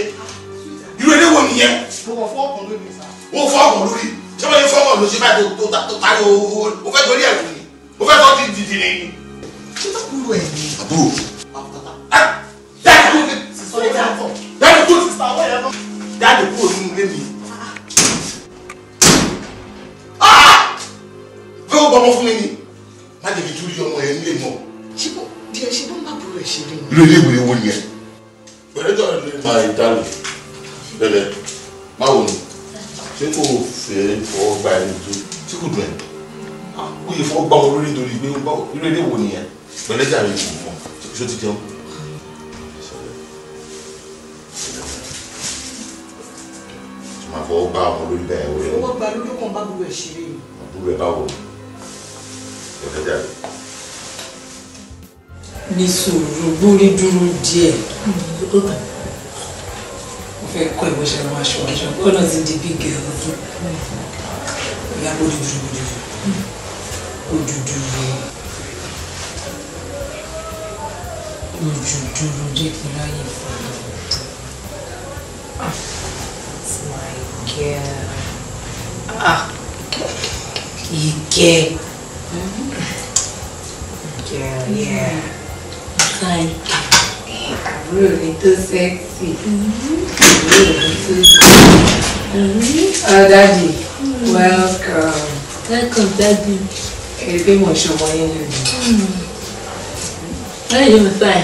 irú eléwò nìyẹn. mo kàn fọ́ ọkàn lórí sá. ó fọ́ ọkàn lórí ṣé wọ́n yẹ fọ́ ọkàn lórí ṣe báyìí tó tó parí owó o fẹ́ torí ẹ̀kú ni o fẹ́ tọ́ ti dìdì ni. àbúrò ẹ̀ ni. àbúrò. dáàbò kúrò nínú ilé mi. pé ó gbọmọ fún mi ni má lè fi tú yọ ọmọ yẹn nílé mọ. ṣíbó díẹ̀ ṣíbó má burú ẹ ṣe lóyún. lórí ilé ìwé wo ni ẹ. pẹ̀lú ìjọba ni. máa yí dálò lẹ́lẹ̀ máa wò ni ṣé kò fẹ́ fọwọ́ gba ẹni tó tí kò dùn ẹ̀. ó yẹ fọwọ́ gba wọn lórí nítorí pé irú ilé wo ni ẹ pẹ̀lú ìjà rẹ̀ kò mọ̀ ṣó ti jẹun. máa fọwọ́ gba ọmọ lórí bẹ́ẹ̀ wọlé. fọwọ́ gba kan bá burú ẹ̀ ṣeré. burú ẹ̀ báwo ní ah, my girl. Ah, you get. Yeah, yeah. Like, I'm mm. really too sexy. Really too sexy. Oh, Daddy, welcome. Welcome, Daddy. Ẹ bí mo ṣe ọmọ yín lónìí. Báyìí mo fà.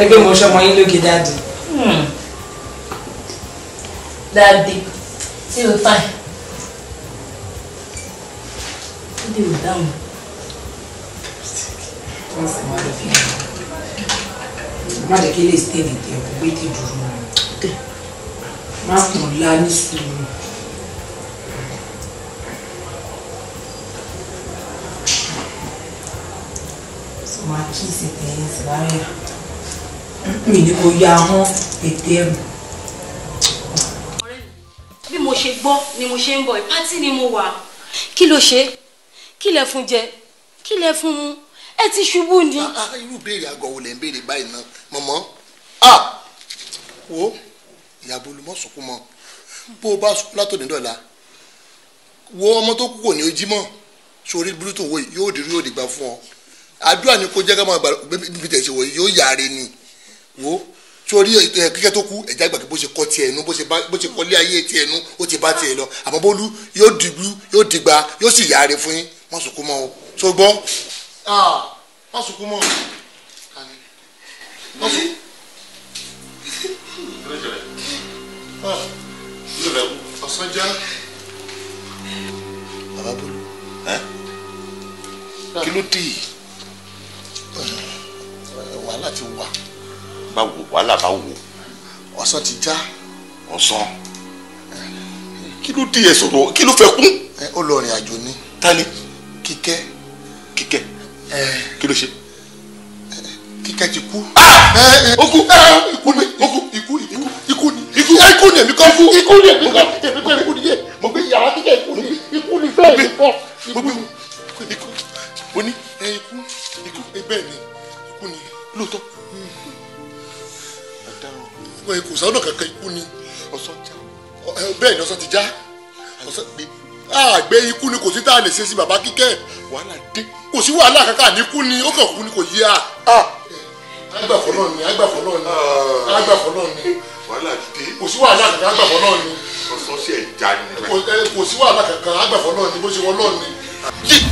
ẹ gbé mo ṣọmọ yín lóge dáàdì. Hmm. dáàdì tí o fà ó dé o dáhùn. má jẹ́ kí lè stẹ́ẹ̀lì tẹ̀ ọ́ pé kí dùrù má kùn lá ní Uma aqui você tem esse barulho. mi ni mo ya hán ètè ẹ̀rù. ọ̀rẹ́ mi bí mo ṣe gbọ́ ni mo ṣe ń bọ̀ ìpátí ni mo wà. kí ló ṣe kí lẹ fún jẹ kí lẹ fún mu ẹ ti ṣubú ni. Ah, ah, irú béèrè àgọ́ wo lẹ ń béèrè báyìí náà mọ̀mọ́ ah! wo ìyàbọ̀ olùmọ̀sọ̀kún mọ́ bó o bá sọ látòdì dọ̀la wo ọmọ tó kú kò ní ojí mọ́ sórí búrútù wo yóò dìrú yóò dìgbà fún ọ àdúrà ni kò jẹ́ ká máa gbà bí tẹ̀sí wo yóò yára ni wo torí kíkẹ́ tó kú ẹ̀já gbàgbé bó ṣe kọ́ tiẹ̀ nu bó ṣe kọ́lé ayé tiẹ̀ nu ó ti bá tiẹ̀ lọ àmọ́ bólú yóò dìgbú yóò dìgbà yóò sì yáre fún yín má sunkún mọ́ o tó gbọ́ má sunkún mọ́ o. ọ̀sánjá. bàbá bólú kí ló dé yìí wàhálà ti wà bá wò wàhálà bá wò. ọ̀sán ti já. ọ̀sán kí ló dé ẹ sọ̀rọ̀ kí ló fẹ́ kún. ẹ ó lọ rìn àjò ni. ta ni. kíkẹ́. kíkẹ́ kí ló ṣe. kíkẹ́ ti kú. Ah! ó kú ikú mi ó kú ikú ikú ikú ni ikú ikú ni èmi kan kú. ikú ni èmi kan èmi kan ikú ni yé mo gbé yàrá kíkẹ́ ikú ni ikú ni bẹ́ẹ̀ ni kọ́ ikú ni ikú mo ní ikú ikú bẹ́ẹ̀ ni ikú ni lóòótọ́ kò sọ́nà kankan ikú ni ọ̀sán já ni ọ̀sán ti já ọ̀sán ah, gbé àgbẹ̀ ikú ni kò sí tá a lè ṣe sí bàbá kíkẹ́ wàhálà dé kò sí wàhálà kankan ní ni ó kàn kú ni kò yé a. Ah. Ah. agbàfọ̀ náà ni agbàfọ̀ náà ni agbàfọ̀ náà ni wàhálà dé kò sí wàhálà kankan agbàfọ̀ náà ni ọ̀sán ṣe ẹja ni kò sí wàhálà kankan agbàfọ̀ náà ni bó ṣe wọ́n náà ni.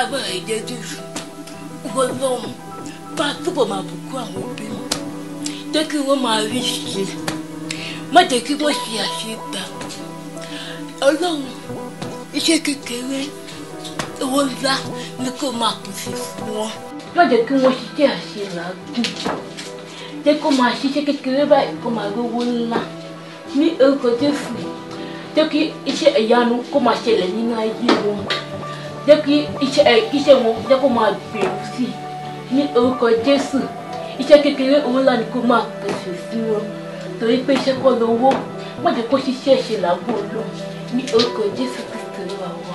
agbára ìjẹ́jú gbogbo ohun bá túbọ̀ máa bùkú àwọn òbí mi jẹ́ kí wọ́n máa rí ṣe má jẹ́ kí wọ́n ṣe àṣegbà ọlọ́run iṣẹ́ kékeré owó ńlá ni kó máa pèsè fún wọn. má jẹ́ kí wọ́n ṣiṣẹ́ àṣelàágùn jẹ́ kó máa ṣiṣẹ́ kékeré báyìí kó máa rówó ńlá ní orúkọ Jésù jẹ́ kí iṣẹ́ ìyanu kó máa ṣẹlẹ̀ nínú ayé wọn jẹ́ kí iṣẹ́ wọn jẹ́ kó máa gbèrú sí i ní orúkọ Jésù iṣẹ́ kékeré owó ńlá ni kó máa pèsè sí wọn torí pé iṣẹ́ kọ́ lówó má jẹ́ kó ṣiṣẹ́ ṣe làágùn olóhùn ní orúkọ Jésù Kristi ló wà